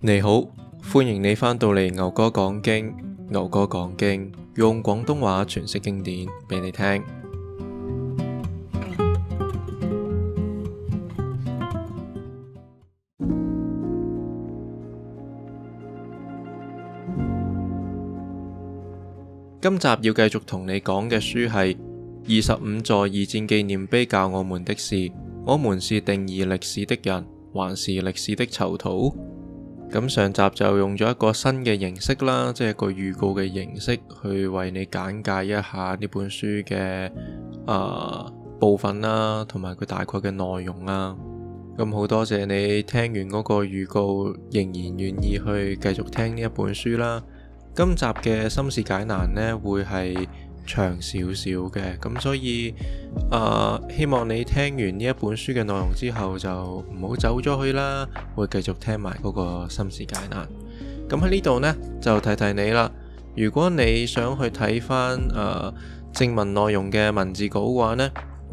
你好，歡迎你翻到嚟牛哥講經。牛哥講經，用廣東話詮釋經典畀你聽。你聽今集要繼續同你講嘅書係《二十五座二戰紀念碑教我們的事》，我們是定義歷史的人，還是歷史的囚徒？咁上集就用咗一個新嘅形式啦，即係一個預告嘅形式，去為你簡介一下呢本書嘅、呃、部分啦，同埋佢大概嘅內容啦。咁好多謝你聽完嗰個預告，仍然願意去繼續聽呢一本書啦。今集嘅心事解難呢，會係。長少少嘅，咁所以誒、呃，希望你聽完呢一本書嘅內容之後，就唔好走咗去啦，會繼續聽埋嗰個心事解難。咁喺呢度呢，就提提你啦。如果你想去睇翻誒正文內容嘅文字稿嘅話呢，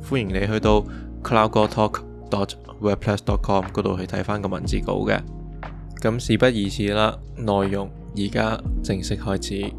歡迎你去到 cowgortalk.wordpress.com 嗰度去睇翻個文字稿嘅。咁事不宜遲啦，內容而家正式開始。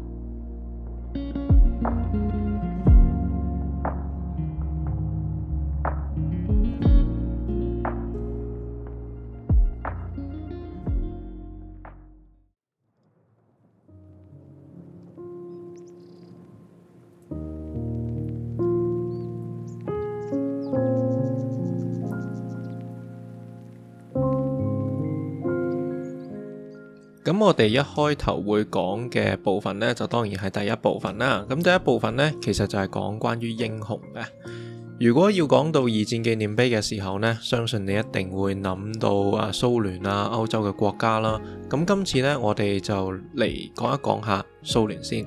我哋一開頭會講嘅部分呢，就當然係第一部分啦。咁第一部分呢，其實就係講關於英雄嘅。如果要講到二戰紀念碑嘅時候呢，相信你一定會諗到啊，蘇聯啊歐洲嘅國家啦。咁今次呢，我哋就嚟講一講下蘇聯先。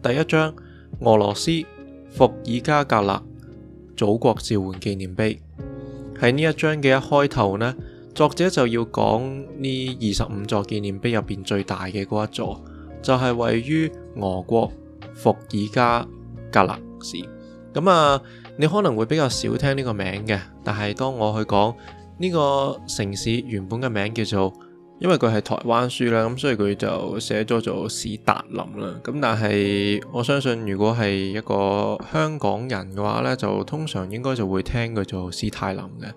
第一章俄羅斯伏爾加格勒祖國召喚紀念碑，喺呢一章嘅一開頭呢。作者就要講呢二十五座紀念碑入面最大嘅嗰一座，就係、是、位於俄國伏爾加格勒市。咁啊，你可能會比較少聽呢個名嘅，但係當我去講呢、這個城市原本嘅名叫做，因為佢係台灣書啦，咁所以佢就寫咗做史達林啦。咁但係我相信，如果係一個香港人嘅話呢，就通常應該就會聽佢做史泰林嘅。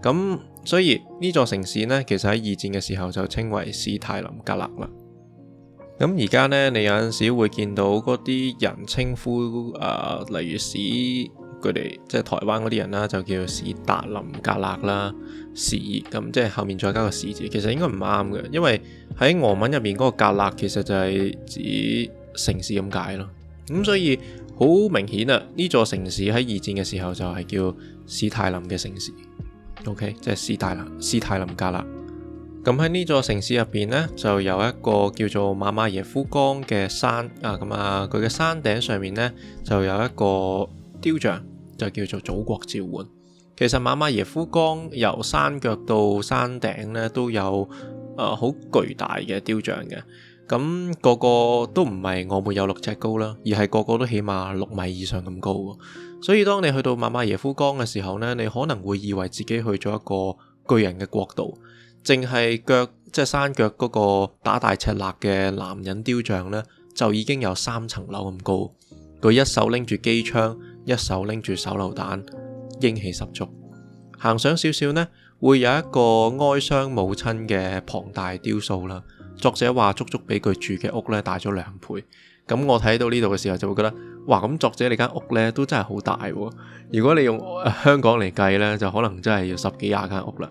咁所以呢座城市呢，其實喺二戰嘅時候就稱為史泰林格勒史太林格勒啦。咁而家呢，你有陣時會見到嗰啲人稱呼啊、呃，例如史佢哋即係台灣嗰啲人啦，就叫史達林格勒啦，史咁即係後面再加個史字，其實應該唔啱嘅，因為喺俄文入面嗰個格勒其實就係指城市咁解咯。咁所以好明顯啊，呢座城市喺二戰嘅時候就係叫史太林嘅城市。O.K. 即係斯大林，斯泰林格勒。咁喺呢座城市入邊呢，就有一個叫做馬馬耶夫岡嘅山啊。咁啊，佢嘅山頂上面呢，就有一個雕像，就叫做祖國召喚。其實馬馬耶夫岡由山腳到山頂呢，都有誒好、呃、巨大嘅雕像嘅。咁、那個個都唔係我沒有六尺高啦，而係個個都起碼六米以上咁高。所以，當你去到馬馬耶夫崗嘅時候呢，你可能會以為自己去咗一個巨人嘅國度，淨係腳即係山腳嗰個打大赤肋嘅男人雕像呢，就已經有三層樓咁高。佢一手拎住機槍，一手拎住手榴彈，英氣十足。行上少少呢，會有一個哀傷母親嘅龐大雕塑啦。作者話足足比佢住嘅屋呢大咗兩倍。咁我睇到呢度嘅時候就會覺得。哇！咁作者你間屋咧都真係好大喎、啊。如果你用香港嚟計咧，就可能真係要十幾廿間屋啦。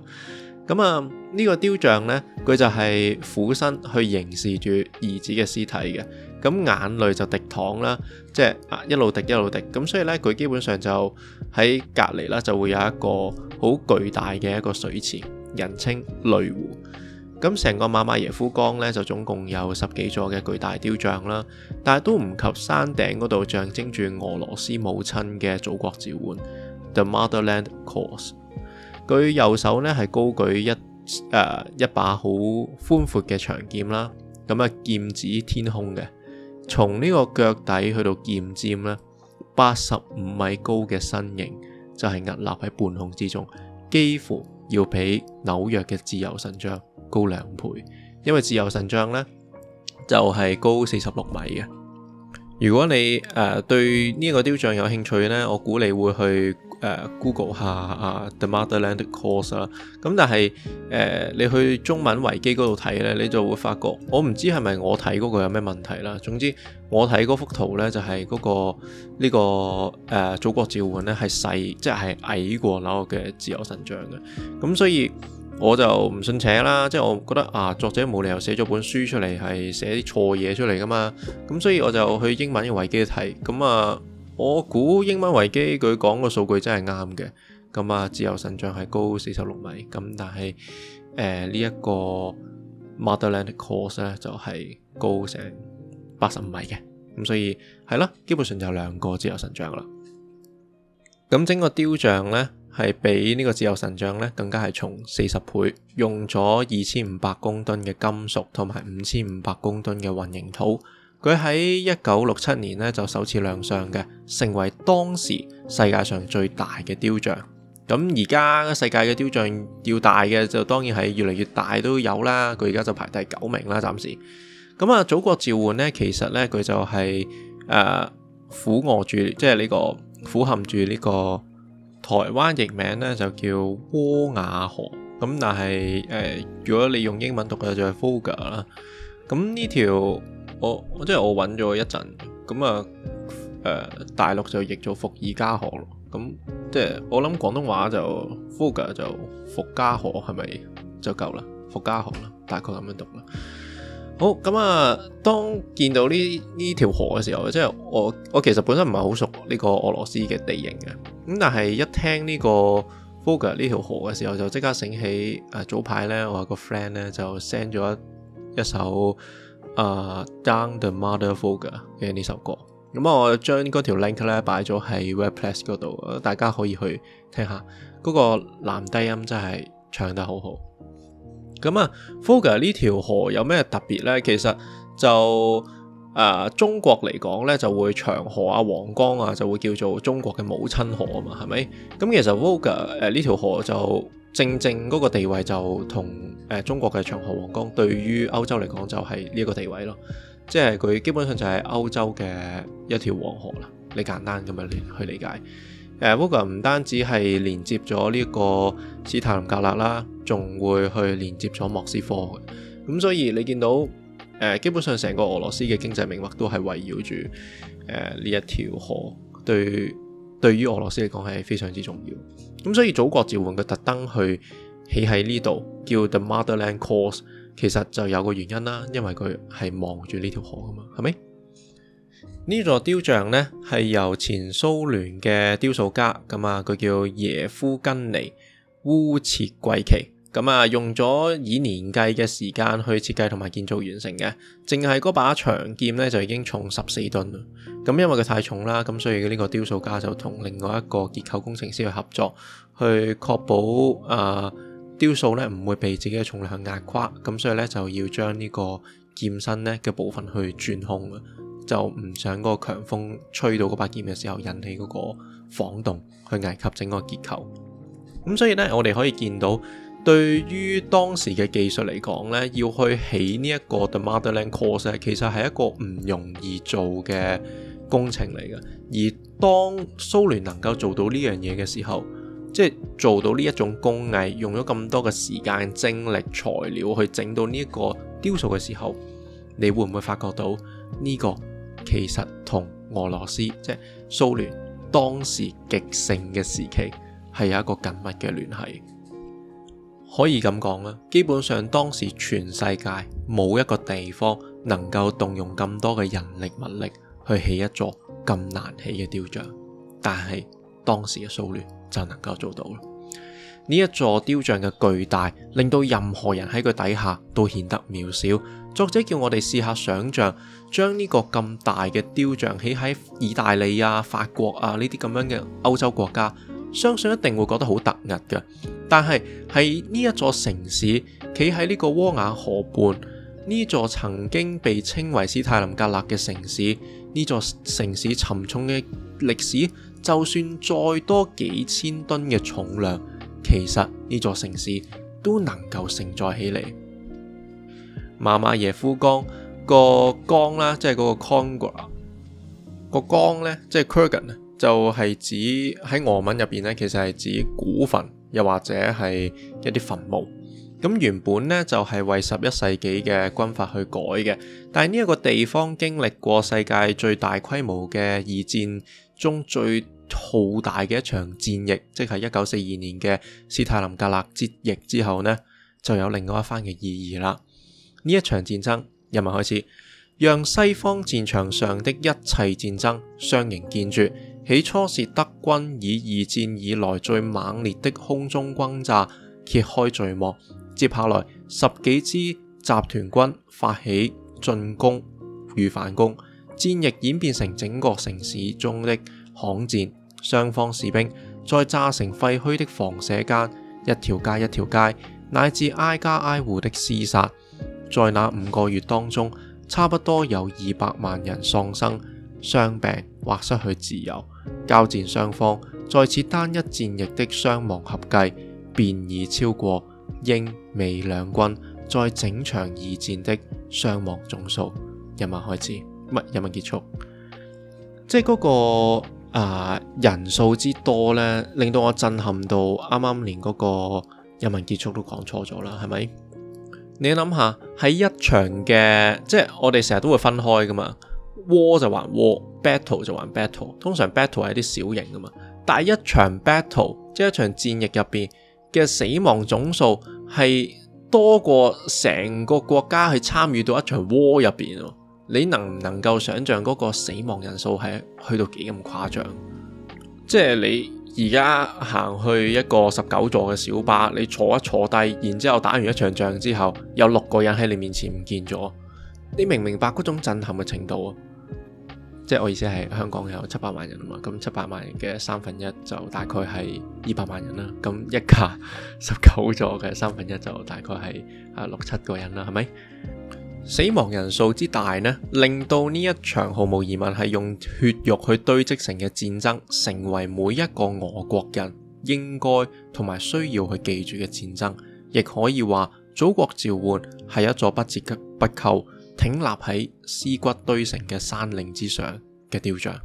咁啊，呢、呢個雕像呢，佢就係俯身去凝視住兒子嘅屍體嘅，咁眼淚就滴淌啦，即係啊一路滴一路滴。咁所以呢，佢基本上就喺隔籬啦，就會有一個好巨大嘅一個水池，人稱淚湖。咁成個馬馬耶夫崗呢，就總共有十幾座嘅巨大雕像啦，但係都唔及山頂嗰度象徵住俄羅斯母親嘅祖國召喚 The Motherland Calls。佢右手呢係高舉一、呃、一把好寬闊嘅長劍啦，咁啊劍指天空嘅，從呢個腳底去到劍尖呢，八十五米高嘅身形就係、是、屹立喺半空之中，幾乎要比紐約嘅自由神像高兩倍，因為自由神像呢就係、是、高四十六米嘅。如果你誒、呃、對呢個雕像有興趣呢，我估你會去、呃、Google 下啊 The Motherland Calls 啦。咁但係、呃、你去中文維基嗰度睇呢，你就會發覺我唔知係咪我睇嗰個有咩問題啦。總之我睇嗰幅圖呢，就係、是、嗰、那個呢、這個、呃、祖國召喚呢係細即係矮過樓嘅自由神像嘅。咁所以。我就唔信邪啦，即係我覺得、啊、作者冇理由寫咗本書出嚟係寫啲錯嘢出嚟㗎嘛，咁所以我就去英文維基睇，咁啊，我估英文維基佢講個數據真係啱嘅，咁啊自由神像係高四十六米，咁但係呢一個 Motherland Calls 呢，就係、是、高成八十五米嘅，咁所以係啦，基本上就兩個自由神像啦，咁整個雕像呢。係比呢個自由神像咧更加係重四十倍，用咗二千五百公噸嘅金屬同埋五千五百公噸嘅混凝土。佢喺一九六七年咧就首次亮相嘅，成為當時世界上最大嘅雕像。咁而家世界嘅雕像要大嘅就當然係越嚟越大都有啦。佢而家就排第九名啦，暫時。咁啊，祖國召喚呢，其實呢，佢就係誒俯臥住，即係呢個俯瞰住呢個。台灣譯名咧就叫窩瓦河，咁但係誒、呃，如果你用英文讀嘅就係 Volga 啦。咁呢條，我即係我揾咗一陣，咁啊誒，大陸就譯做伏爾加河咯。咁即係我諗廣東話就 Volga 就伏加河是是，係咪就夠啦？伏加河啦，大概咁樣讀啦。好咁啊！當見到呢呢條河嘅時候，即係我我其實本身唔係好熟呢個俄羅斯嘅地形嘅，咁但係一聽呢個 Volga 呢條河嘅時候，就即刻醒起、呃、早排咧，我有個 friend 咧就 send 咗一一首啊、呃《Down the Mother Volga》嘅呢首歌，咁、嗯、我將嗰條 link 咧擺咗喺 WordPress 嗰度，大家可以去聽下，嗰、那個男低音真係唱得好好。咁啊 Volga 呢條河有咩特別呢？其實就、呃、中國嚟講呢，就會長河啊、黃江啊，就會叫做中國嘅母親河啊嘛，係咪？咁其實 Volga 呢條河就正正嗰個地位就同、呃、中國嘅長河黃江，對於歐洲嚟講就係呢個地位咯。即係佢基本上就係歐洲嘅一條黃河啦。你簡單咁樣去理解、呃、Volga 唔單止係連接咗呢個史太林格勒啦。仲會去連接咗莫斯科嘅，咁所以你見到誒、呃，基本上成個俄羅斯嘅經濟命脈都係圍繞住誒呢一條河，對，對於俄羅斯嚟講係非常之重要。咁所以祖國召喚佢特登去起喺呢度，叫 The Motherland Calls，其實就有個原因啦，因為佢係望住呢條河㗎嘛，係咪？呢座雕像呢，係由前蘇聯嘅雕塑家咁啊，佢叫耶夫根尼烏切季奇。咁啊，用咗以年計嘅時間去設計同埋建造完成嘅，淨係嗰把長劍呢，就已經重十四噸啦。咁因為佢太重啦，咁所以呢個雕塑家就同另外一個結構工程師去合作，去確保啊、呃、雕塑呢唔會被自己嘅重量壓垮。咁所以呢，就要將呢個劍身呢嘅部分去轉空，就唔想嗰個強風吹到嗰把劍嘅時候引起嗰個晃動，去危及整個結構。咁所以呢，我哋可以見到。對於當時嘅技術嚟講呢，要去起呢一個 The Motherland Calls 其實係一個唔容易做嘅工程嚟嘅。而當蘇聯能夠做到呢樣嘢嘅時候，即係做到呢一種工藝，用咗咁多嘅時間、精力、材料去整到呢一個雕塑嘅時候，你會唔會發覺到呢個其實同俄羅斯即係蘇聯當時極盛嘅時期係有一個緊密嘅聯繫？可以咁講啦，基本上當時全世界冇一個地方能夠動用咁多嘅人力物力去起一座咁難起嘅雕像，但係當時嘅蘇聯就能夠做到啦。呢一座雕像嘅巨大，令到任何人喺佢底下都顯得渺小。作者叫我哋試下想象，將呢個咁大嘅雕像起喺意大利啊、法國啊呢啲咁樣嘅歐洲國家，相信一定會覺得好突兀嘅。但係喺呢一座城市企喺呢個沃雅河畔，呢座曾經被稱為斯泰林格勒嘅城市，呢座城市沉重嘅歷史，就算再多幾千噸嘅重量，其實呢座城市都能夠承載起嚟。馬馬耶夫岡、就是、個岡啦，即係嗰個 c o n g r a 個岡咧，即係 Kurgan 就係指喺俄文入邊呢，其實係指古墳。又或者係一啲墳墓，咁原本呢就係、是、為十一世紀嘅軍閥去改嘅，但係呢一個地方經歷過世界最大規模嘅二戰中最浩大嘅一場戰役，即係一九四二年嘅史太林格勒戰役之後呢，就有另外一番嘅意義啦。呢一場戰爭入面開始，讓西方戰場上的一切戰爭相形見絀。起初是德軍以二戰以來最猛烈的空中轟炸揭開序幕，接下來十幾支集團軍發起進攻與反攻，戰役演變成整個城市中的巷戰，雙方士兵在炸成廢墟的房舍間，一條街一條街，乃至挨家挨戶的廝殺。在那五個月當中，差不多有二百萬人喪生、傷病或失去自由。交戰雙方在此單一戰役的傷亡合計，便已超過英美兩軍在整場二戰的傷亡總數。人民開始，乜人民結束，即係嗰個啊人數之多呢，令到我震撼到，啱啱連嗰個人民結束都講錯咗啦，係咪？你諗下喺一場嘅，即係我哋成日都會分開噶嘛，窩就還窩。battle 就玩 battle，通常 battle 係啲小型噶嘛，但係一場 battle，即係一場戰役入邊嘅死亡總數係多過成個國家去參與到一場 war 入邊。你能唔能夠想象嗰個死亡人數係去到幾咁誇張？即係你而家行去一個十九座嘅小巴，你坐一坐低，然之後打完一場仗之後，有六個人喺你面前唔見咗，你明唔明白嗰種震撼嘅程度啊？即係我意思係香港有七百萬人啊嘛，咁七百萬人嘅三分一就大概係二百萬人啦，咁一架十九座嘅三分一就大概係啊六七個人啦，係咪？死亡人數之大呢，令到呢一場毫無疑問係用血肉去堆積成嘅戰爭，成為每一個俄國人應該同埋需要去記住嘅戰爭，亦可以話祖國召喚係一座不折不扣。挺立喺屍骨堆成嘅山嶺之上嘅雕像。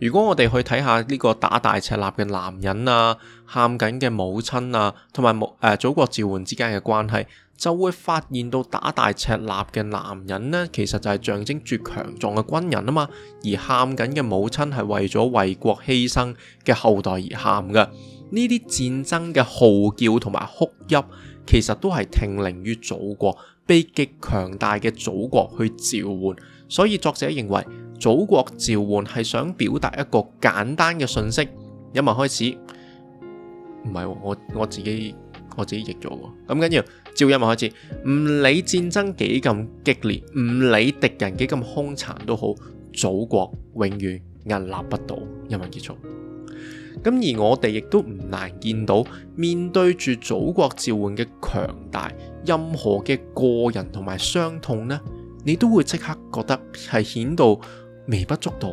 如果我哋去睇下呢個打大赤立嘅男人啊，喊緊嘅母親啊，同埋母誒、呃、祖國召喚之間嘅關係，就會發現到打大赤立嘅男人呢，其實就係象徵住強壯嘅軍人啊嘛。而喊緊嘅母親係為咗為國犧牲嘅後代而喊㗎。呢啲戰爭嘅號叫同埋哭泣，其實都係聽令於祖國。被極強大嘅祖國去召喚，所以作者認為祖國召喚係想表達一個簡單嘅信息。一文開始，唔係、哦、我我自己我自己譯咗，咁跟住，照一文開始，唔理戰爭幾咁激烈，唔理敵人幾咁凶殘都好，祖國永遠屹立不倒。一文結束。咁而我哋亦都唔難見到，面對住祖國召喚嘅強大，任何嘅個人同埋傷痛呢，你都會即刻覺得係顯到微不足道。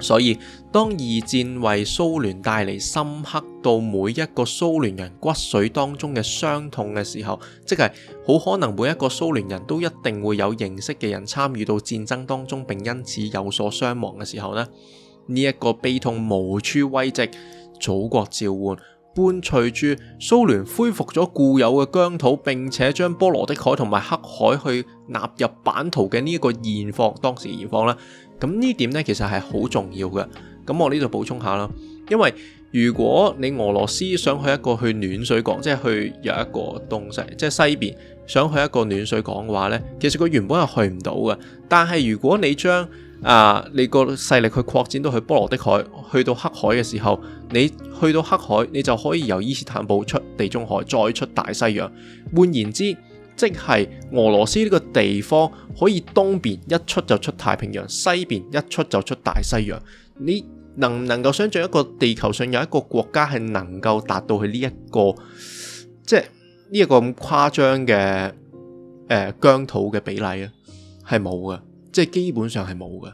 所以，當二戰為蘇聯帶嚟深刻到每一個蘇聯人骨髓當中嘅傷痛嘅時候，即係好可能每一個蘇聯人都一定會有認識嘅人參與到戰爭當中，並因此有所傷亡嘅時候呢。呢一個悲痛無處慰藉，祖國召喚，伴隨住蘇聯恢復咗固有嘅疆土，並且將波羅的海同埋黑海去納入版圖嘅呢一個現況，當時現況啦。咁呢點呢，其實係好重要嘅。咁我呢度補充下啦，因為如果你俄羅斯想去一個去暖水港，即係去有一個東西，即係西邊想去一個暖水港嘅話呢，其實佢原本係去唔到嘅。但係如果你將啊！Uh, 你個勢力去擴展到去波羅的海，去到黑海嘅時候，你去到黑海，你就可以由伊斯坦堡出地中海，再出大西洋。換言之，即係俄羅斯呢個地方可以東邊一出就出太平洋，西邊一出就出大西洋。你能唔能夠想像一個地球上有一個國家係能夠達到佢呢一個即係呢一個咁誇張嘅疆、呃、土嘅比例咧？係冇嘅。即係基本上係冇嘅，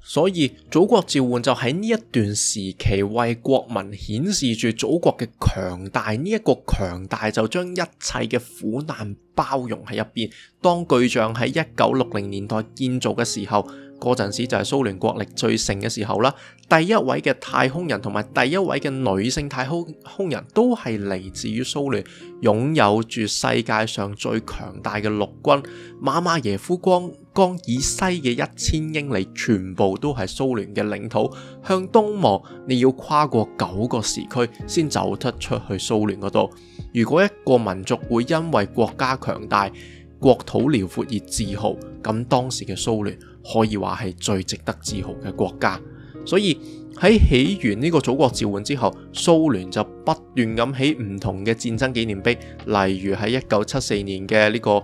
所以祖國召喚就喺呢一段時期為國民顯示住祖國嘅強大。呢、這、一個強大就將一切嘅苦難包容喺入邊。當巨像喺一九六零年代建造嘅時候，嗰陣時就係蘇聯國力最盛嘅時候啦。第一位嘅太空人同埋第一位嘅女性太空空人都係嚟自於蘇聯，擁有住世界上最強大嘅陸軍。馬馬耶夫光江以西嘅一千英里，全部都係蘇聯嘅領土。向東望，你要跨過九個時區先走得出去蘇聯嗰度。如果一個民族會因為國家強大、國土遼闊而自豪，咁當時嘅蘇聯可以話係最值得自豪嘅國家。所以喺起完呢個祖國召喚之後，蘇聯就不斷咁起唔同嘅戰爭紀念碑，例如喺一九七四年嘅呢個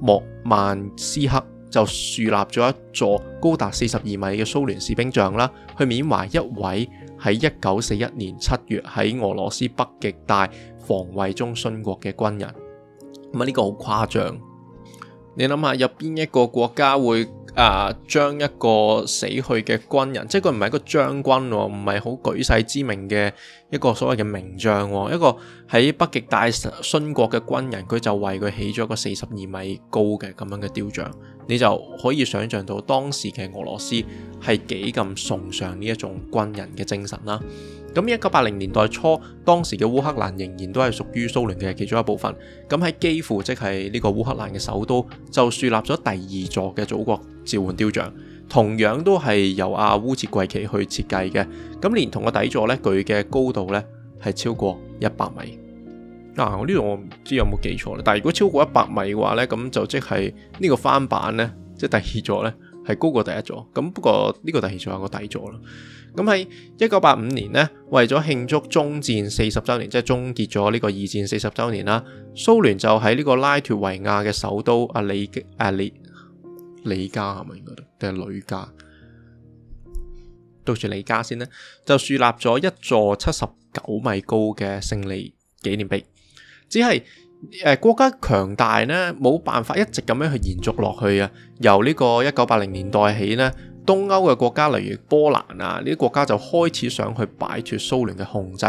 莫曼斯克。就樹立咗一座高達四十二米嘅蘇聯士兵像啦，去緬懷一位喺一九四一年七月喺俄羅斯北極大防衛中殉國嘅軍人。咁、嗯、呢、呢個好誇張。你諗下，有邊一個國家會？啊！將一個死去嘅軍人，即係佢唔係一個將軍喎、哦，唔係好舉世知名嘅一個所謂嘅名將喎、哦，一個喺北極大殉國嘅軍人，佢就為佢起咗一個四十二米高嘅咁樣嘅雕像，你就可以想像到當時嘅俄羅斯係幾咁崇尚呢一種軍人嘅精神啦。咁一九八零年代初，當時嘅烏克蘭仍然都係屬於蘇聯嘅其中一部分。咁喺基輔即係呢個烏克蘭嘅首都，就樹立咗第二座嘅祖國召喚雕像，同樣都係由阿烏捷貴奇去設計嘅。咁連同個底座呢，佢嘅高度呢係超過一百米。嗱、啊，我呢度我唔知有冇記錯啦。但係如果超過一百米嘅話呢，咁就即係呢個翻版呢，即係第二座呢。係高過第一座，咁不過呢個，個第二座有個底座啦。咁喺一九八五年呢，為咗慶祝終戰四十週年，即係終結咗呢個二戰四十週年啦，蘇聯就喺呢個拉脱維亞嘅首都阿李阿李李家係咪應該定係呂家？讀住李家先呢，就樹立咗一座七十九米高嘅勝利紀念碑，只係。誒，國家強大呢，冇辦法一直咁樣去延續落去啊！由呢個一九八零年代起呢，東歐嘅國家，例如波蘭啊，呢啲國家就開始想去擺脱蘇聯嘅控制，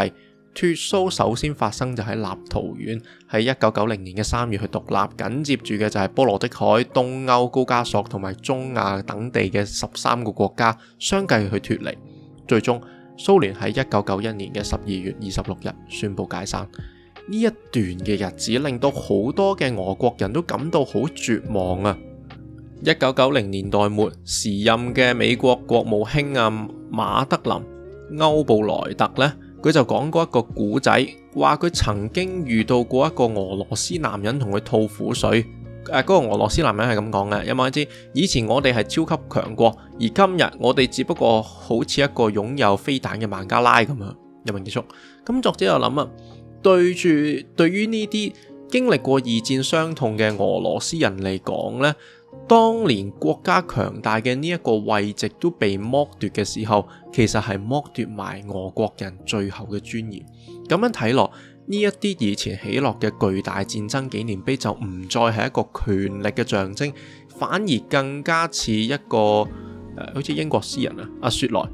脱蘇首先發生就喺立陶宛，喺一九九零年嘅三月去獨立，緊接住嘅就係波羅的海東歐高加索同埋中亞等地嘅十三個國家相繼去脱離，最終蘇聯喺一九九一年嘅十二月二十六日宣布解散。呢一段嘅日子令到好多嘅俄國人都感到好絕望啊！一九九零年代末，時任嘅美國國務卿啊，馬德林歐布萊特呢，佢就講過一個古仔，話佢曾經遇到過一個俄羅斯男人同佢吐苦水。嗰、呃嗰個俄羅斯男人係咁講嘅，有冇人知？以前我哋係超級強國，而今日我哋只不過好似一個擁有飛彈嘅孟加拉咁樣。引文結束，咁作者又諗啊。對住，對於呢啲經歷過二戰傷痛嘅俄羅斯人嚟講呢，當年國家強大嘅呢一個位置都被剝奪嘅時候，其實係剝奪埋俄國人最後嘅尊嚴。咁樣睇落，呢一啲以前起落嘅巨大戰爭紀念碑，就唔再係一個權力嘅象徵，反而更加似一個誒，好、呃、似英國詩人啊阿雪萊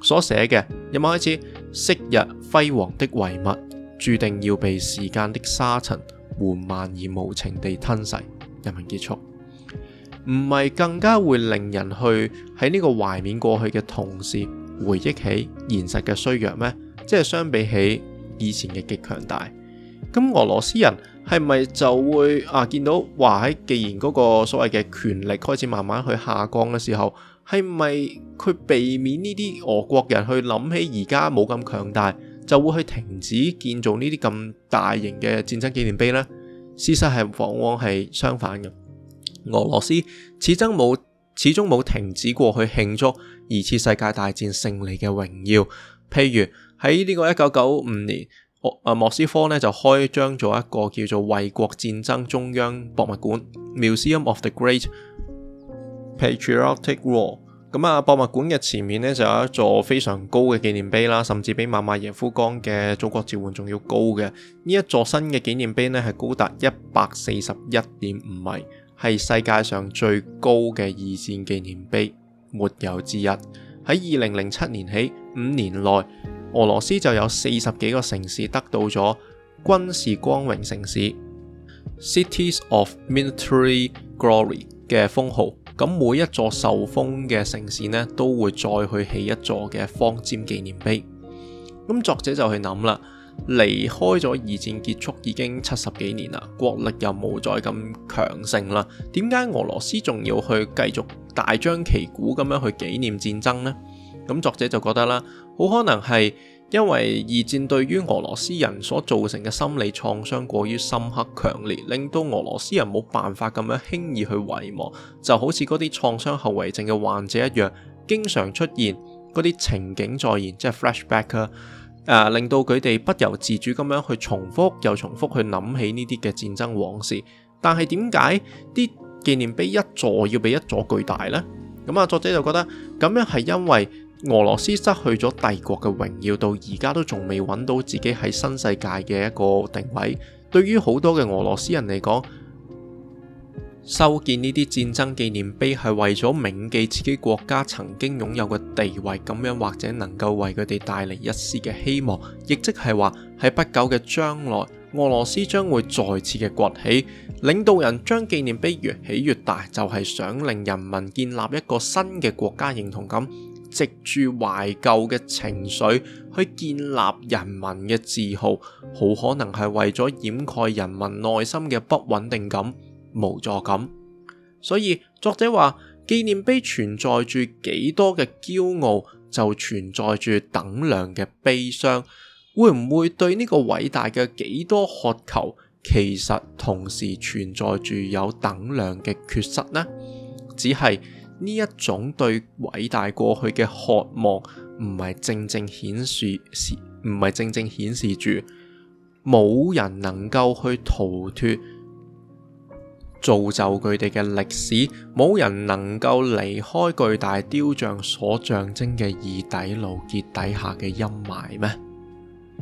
所寫嘅有冇開始昔日輝煌的遺物？注定要被時間的沙塵緩慢而無情地吞噬，人民結束，唔係更加會令人去喺呢個懷緬過去嘅同時，回憶起現實嘅衰弱咩？即係相比起以前嘅極強大，咁俄羅斯人係咪就會啊見到話喺既然嗰個所謂嘅權力開始慢慢去下降嘅時候，係咪佢避免呢啲俄國人去諗起而家冇咁強大？就會去停止建造呢啲咁大型嘅戰爭紀念碑咧，事實係往往係相反嘅。俄羅斯始終冇始終冇停止過去慶祝二次世界大戰勝利嘅榮耀。譬如喺呢個一九九五年，莫斯科咧就開張咗一個叫做衛國戰爭中央博物館 （Museum of the Great Patriotic War）。咁啊，博物館嘅前面呢就有一座非常高嘅紀念碑啦，甚至比《馬馬耶夫岡》嘅《祖國召喚》仲要高嘅呢一座新嘅紀念碑呢係高達一百四十一點五米，係世界上最高嘅二戰紀念碑，沒有之一。喺二零零七年起五年內，俄羅斯就有四十幾個城市得到咗軍事光榮城市 （Cities of Military Glory） 嘅封號。咁每一座受封嘅城市呢，都會再去起一座嘅方尖紀念碑。咁作者就去諗啦，離開咗二戰結束已經七十幾年啦，國力又冇再咁強盛啦，點解俄羅斯仲要去繼續大張旗鼓咁樣去紀念戰爭呢？咁作者就覺得啦，好可能係。因為二戰對於俄羅斯人所造成嘅心理創傷過於深刻強烈，令到俄羅斯人冇辦法咁樣輕易去遺忘，就好似嗰啲創傷後遺症嘅患者一樣，經常出現嗰啲情景再現，即係 flashback，呃，令到佢哋不由自主咁樣去重複又重複去諗起呢啲嘅戰爭往事。但係點解啲紀念碑一座要比一座巨大呢？咁啊，作者就覺得咁樣係因為。俄羅斯失去咗帝國嘅榮耀，到而家都仲未揾到自己喺新世界嘅一個定位。對於好多嘅俄羅斯人嚟講，修建呢啲戰爭紀念碑係為咗銘記自己國家曾經擁有嘅地位，咁樣或者能夠為佢哋帶嚟一絲嘅希望，亦即係話喺不久嘅將來，俄羅斯將會再次嘅崛起。領導人將紀念碑越起越大，就係想令人民建立一個新嘅國家認同感。藉住懷舊嘅情緒去建立人民嘅自豪，好可能係為咗掩蓋人民內心嘅不穩定感、無助感。所以作者話，紀念碑存在住幾多嘅驕傲，就存在住等量嘅悲傷。會唔會對呢個偉大嘅幾多渴求，其實同時存在住有等量嘅缺失呢？只係。呢一種對偉大過去嘅渴望，唔係正正顯示，唔係正正顯示住冇人能夠去逃脫造就佢哋嘅歷史，冇人能夠離開巨大雕像所象徵嘅意底牢結底下嘅陰霾咩？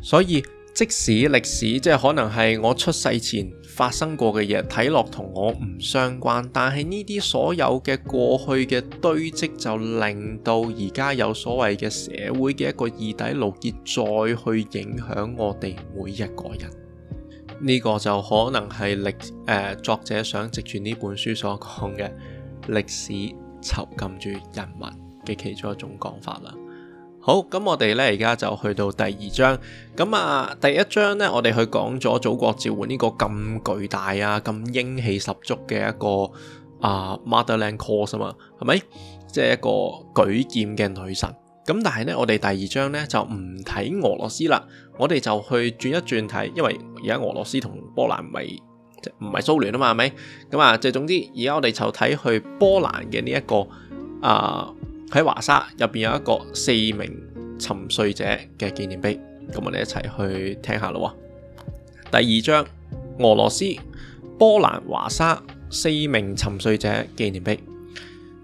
所以。即使歷史即係可能係我出世前發生過嘅嘢，睇落同我唔相關，但係呢啲所有嘅過去嘅堆積，就令到而家有所謂嘅社會嘅一個意底牢結再去影響我哋每一個人。呢、呢個就可能係歷誒作者想藉住呢本書所講嘅歷史囚禁住人民嘅其中一種講法啦。好，咁我哋呢而家就去到第二章。咁啊，第一章呢我哋去講咗《祖國召喚》呢個咁巨大啊、咁英氣十足嘅一個啊 Motherland Calls 啊嘛，係咪？即係一個舉劍嘅女神。咁但係呢，我哋第二章呢就唔睇俄羅斯啦，我哋就去轉一轉睇，因為而家俄羅斯同波蘭唔係唔係蘇聯啊嘛，係咪？咁啊，即係總之，而家我哋就睇去波蘭嘅呢一個啊。喺華沙入邊有一個四名沉睡者嘅紀念碑，咁我哋一齊去聽下咯。第二章，俄羅斯、波蘭、華沙四名沉睡者紀念碑。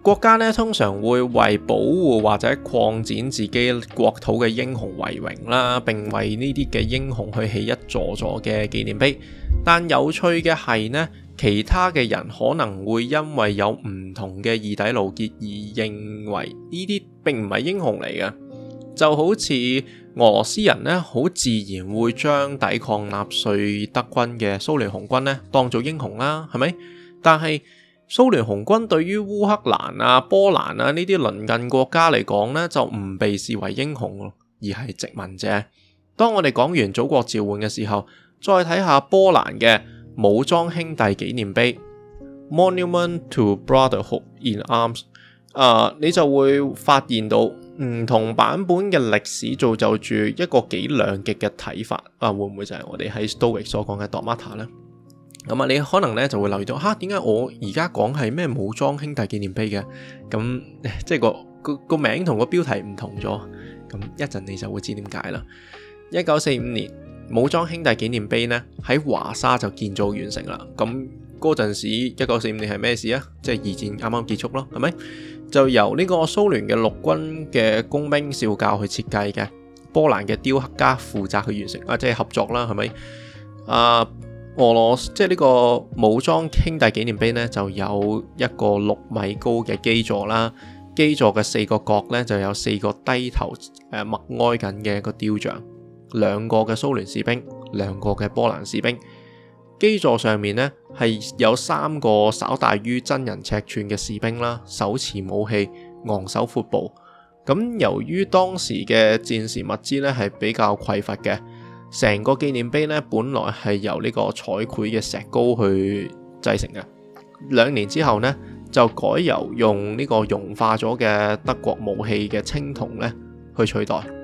國家呢，通常會為保護或者擴展自己國土嘅英雄為榮啦，並為呢啲嘅英雄去起一座座嘅紀念碑。但有趣嘅係呢？其他嘅人可能會因為有唔同嘅意底牢結而認為呢啲並唔係英雄嚟嘅，就好似俄羅斯人呢，好自然會將抵抗納粹德軍嘅蘇聯紅軍呢當做英雄啦，係咪？但係蘇聯紅軍對於烏克蘭啊、波蘭啊呢啲鄰近國家嚟講呢，就唔被視為英雄，而係殖民者。當我哋講完《祖國召喚》嘅時候，再睇下波蘭嘅。武裝兄弟紀念碑 （Monument to Brotherhood in Arms） 啊，你就會發現到唔同版本嘅歷史造就住一個幾兩極嘅睇法啊，會唔會就係我哋喺 Stoic 所講嘅 dramata 咧？咁啊，你可能咧就會留意到吓，點解我而家講係咩武裝兄弟紀念碑嘅？咁即係個個個名同個標題唔同咗，咁一陣你就會知點解啦。一九四五年。武裝兄弟紀念碑呢喺華沙就建造完成啦。咁嗰陣時一九四五年係咩事啊？即係二戰啱啱結束咯，係咪？就由呢個蘇聯嘅陸軍嘅工兵少校去設計嘅，波蘭嘅雕刻家負責去完成，啊，即係合作啦，係咪？啊，俄羅斯即係呢個武裝兄弟紀念碑呢，就有一個六米高嘅基座啦，基座嘅四個角呢，就有四個低頭誒默哀緊嘅一個雕像。兩個嘅蘇聯士兵，兩個嘅波蘭士兵，基座上面呢係有三個稍大於真人尺寸嘅士兵啦，手持武器，昂首闊步。咁由於當時嘅戰時物資呢係比較匱乏嘅，成個紀念碑呢本來係由呢個彩繪嘅石膏去製成嘅，兩年之後呢就改由用呢個融化咗嘅德國武器嘅青銅呢去取代。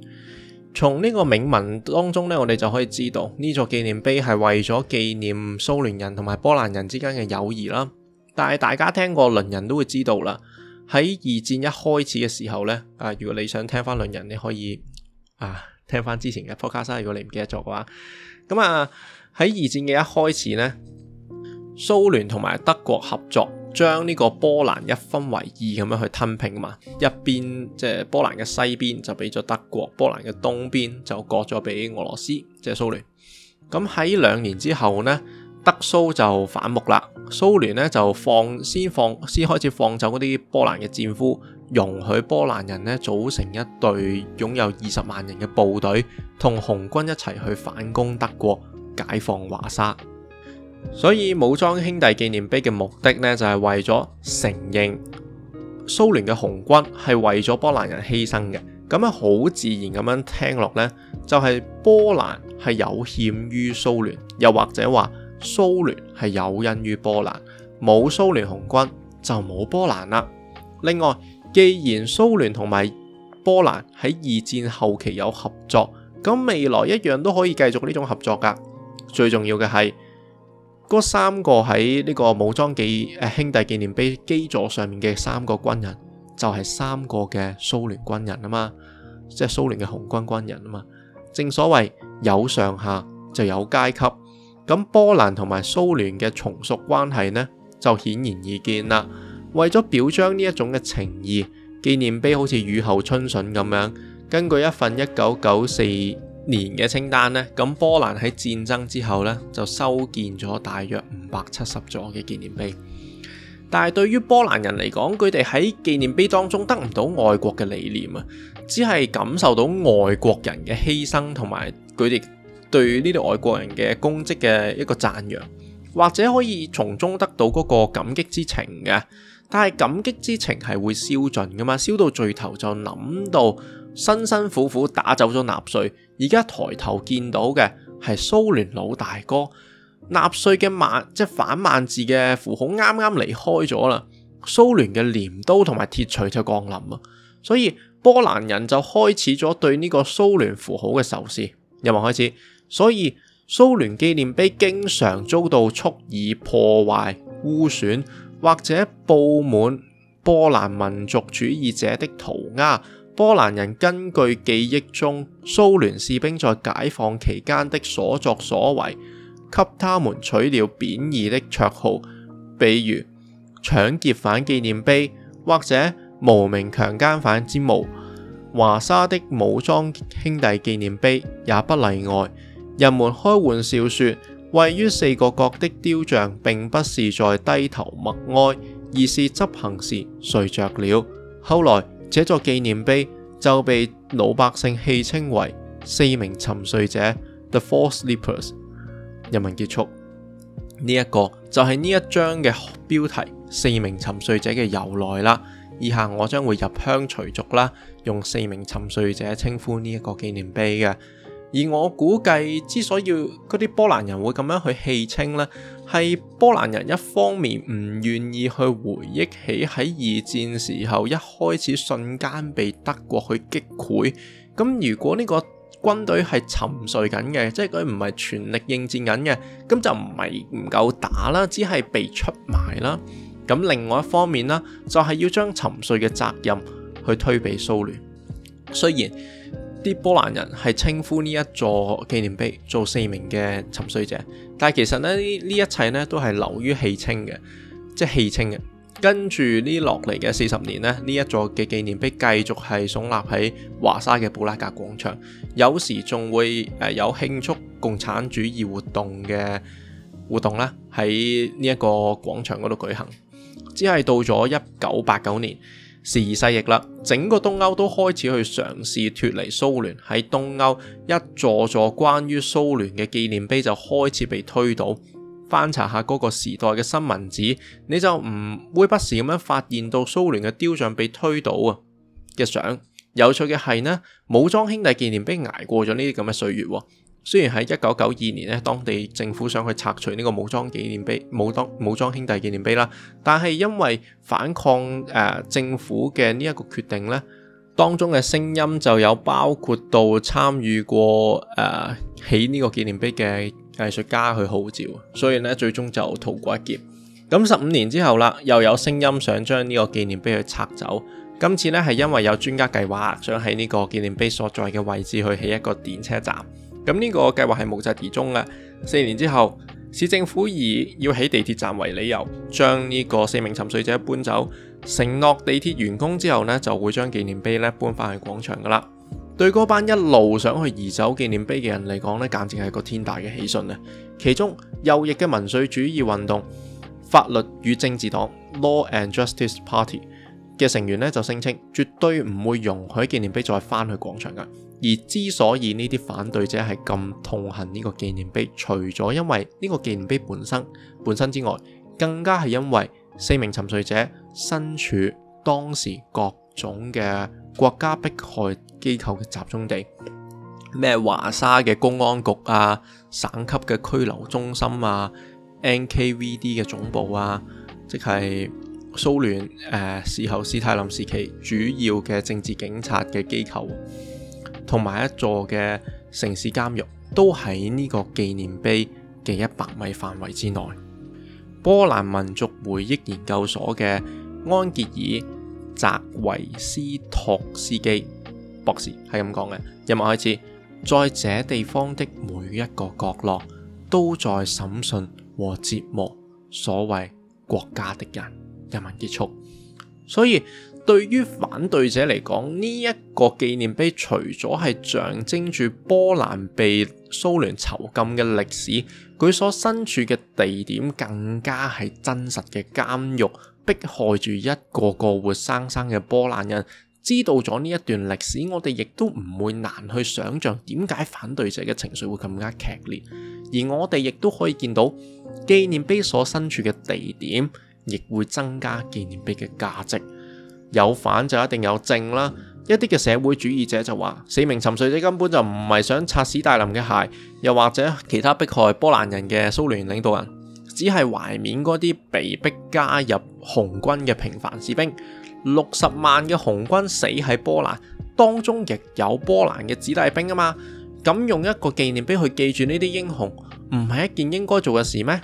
從呢個銘文當中呢，我哋就可以知道呢座紀念碑係為咗紀念蘇聯人同埋波蘭人之間嘅友誼啦。但係大家聽過鄰人都會知道啦。喺二戰一開始嘅時候呢，啊，如果你想聽翻鄰人，你可以啊聽翻之前嘅 Podcast。如果你唔記得咗嘅話，咁啊喺二戰嘅一開始呢，蘇聯同埋德國合作。將呢個波蘭一分為二咁樣去吞併啊嘛，一邊即係波蘭嘅西邊就俾咗德國，波蘭嘅東邊就割咗俾俄羅斯，即係蘇聯。咁喺兩年之後呢，德蘇就反目啦，蘇聯呢，就放先放先開始放走嗰啲波蘭嘅戰俘，容許波蘭人呢組成一隊擁有二十萬人嘅部隊，同紅軍一齊去反攻德國，解放華沙。所以武裝兄弟紀念碑嘅目的呢，就係為咗承認蘇聯嘅紅軍係為咗波蘭人犧牲嘅。咁樣好自然咁樣聽落呢，就係波蘭係有欠於蘇聯，又或者話蘇聯係有恩於波蘭。冇蘇聯紅軍就冇波蘭啦。另外，既然蘇聯同埋波蘭喺二戰後期有合作，咁未來一樣都可以繼續呢種合作㗎。最重要嘅係。嗰三個喺呢個武裝記、啊、兄弟紀念碑基座上面嘅三個軍人，就係、是、三個嘅蘇聯軍人啊嘛，即係蘇聯嘅紅軍軍人啊嘛。正所謂有上下就有階級，咁波蘭同埋蘇聯嘅從屬關係呢，就顯然而見啦。為咗表彰呢一種嘅情義，紀念碑好似雨後春筍咁樣。根據一份一九九四年嘅清單呢，咁波蘭喺戰爭之後呢，就修建咗大約五百七十座嘅紀念碑。但係對於波蘭人嚟講，佢哋喺紀念碑當中得唔到外國嘅理念啊，只係感受到外國人嘅犧牲同埋佢哋對呢啲外國人嘅功績嘅一個讚揚，或者可以從中得到嗰個感激之情嘅。但係感激之情係會燒盡噶嘛，燒到最頭就諗到。辛辛苦苦打走咗納粹，而家抬頭見到嘅係蘇聯老大哥，納粹嘅萬，即反萬字嘅符號啱啱離開咗啦，蘇聯嘅鐮刀同埋鐵錘就降臨啊！所以波蘭人就開始咗對呢個蘇聯符號嘅仇視，因為開始，所以蘇聯紀念碑經常遭到蓄意破壞、污損或者布滿波蘭民族主義者的塗鴉。波蘭人根據記憶中蘇聯士兵在解放期間的所作所為，給他們取了貶義的綽號，比如搶劫犯紀念碑或者無名強姦犯之墓。華沙的武裝兄弟紀念碑也不例外，人們開玩笑說，位於四個角的雕像並不是在低頭默哀，而是執行時睡着了。後來，這座紀念碑就被老百姓戲稱為四名沉睡者 （The Four Sleepers）。引文結束。呢一，這個就係呢一章嘅標題《四名沉睡者》嘅由來啦。以下我將會入鄉隨俗啦，用四名沉睡者稱呼呢一個紀念碑嘅。而我估計之所以嗰啲波蘭人會咁樣去戲稱係波蘭人一方面唔願意去回憶起喺二戰時候一開始瞬間被德國去擊潰，咁如果呢個軍隊係沉睡緊嘅，即係佢唔係全力應戰緊嘅，咁就唔係唔夠打啦，只係被出賣啦。咁另外一方面啦，就係要將沉睡嘅責任去推俾蘇聯。雖然。啲波蘭人係稱呼呢一座紀念碑做四名嘅沉睡者，但係其實呢呢一切咧都係流於戲稱嘅，即係戲稱嘅。跟住呢落嚟嘅四十年呢，呢一座嘅紀念碑繼續係聳立喺華沙嘅布拉格廣場，有時仲會誒有慶祝共產主義活動嘅活動啦，喺呢一個廣場嗰度舉行。只係到咗一九八九年。時而世易嘞，整個東歐都開始去嘗試脱離蘇聯，喺東歐一座座關於蘇聯嘅紀念碑就開始被推倒。翻查下嗰個時代嘅新聞紙，你就唔會不時咁樣發現到蘇聯嘅雕像被推倒啊嘅相。有趣嘅係呢，武裝兄弟紀念碑捱過咗呢啲咁嘅歲月。雖然喺一九九二年咧，當地政府想去拆除呢個武裝紀念碑、武當武裝兄弟紀念碑啦，但係因為反抗、呃、政府嘅呢一個決定咧，當中嘅聲音就有包括到參與過、呃、起呢個紀念碑嘅藝術家去號召，所以呢最終就逃過一劫。咁十五年之後啦，又有聲音想將呢個紀念碑去拆走，今次呢，係因為有專家計劃想喺呢個紀念碑所在嘅位置去起一個電車站。咁呢個計劃係無疾而終啦。四年之後，市政府以要起地鐵站為理由，將呢個四名沉睡者搬走，承諾地鐵完工之後呢，就會將紀念碑呢搬返去廣場㗎喇。對嗰班一路想去移走紀念碑嘅人嚟講呢，簡直係個天大嘅喜訊啊！其中右翼嘅民粹主義運動法律與政治黨 （Law and Justice Party）。嘅成員呢，就聲稱，絕對唔會容許紀念碑再返去廣場㗎。而之所以呢啲反對者係咁痛恨呢個紀念碑，除咗因為呢個紀念碑本身本身之外，更加係因為四名沉睡者身處當時各種嘅國家迫害機構嘅集中地，咩華沙嘅公安局啊、省級嘅拘留中心啊、NKVD 嘅總部啊，即係，蘇聯誒時候，呃、斯泰林時期主要嘅政治警察嘅機構，同埋一座嘅城市監獄，都喺呢個紀念碑嘅一百米範圍之內。波蘭民族回憶研究所嘅安傑伊．扎維斯托斯基博士係咁講嘅。一萬開始，在這地方的每一個角落，都在審訊和折磨所謂國家敵人。人民結束，所以對於反對者嚟講，呢一個紀念碑除咗係象徵住波蘭被蘇聯囚禁嘅歷史，佢所身處嘅地點更加係真實嘅監獄，迫害住一個個活生生嘅波蘭人。知道咗呢一段歷史，我哋亦都唔會難去想象點解反對者嘅情緒會咁加劇烈，而我哋亦都可以見到紀念碑所身處嘅地點。亦會增加紀念碑嘅價值。有反就一定有正啦。一啲嘅社會主義者就話：四名沉睡者根本就唔係想擦史太林嘅鞋，又或者其他迫害波蘭人嘅蘇聯領導人，只係懷緬嗰啲被迫加入紅軍嘅平凡士兵。六十萬嘅紅軍死喺波蘭，當中亦有波蘭嘅子弟兵啊嘛。咁用一個紀念碑去記住呢啲英雄，唔係一件應該做嘅事咩？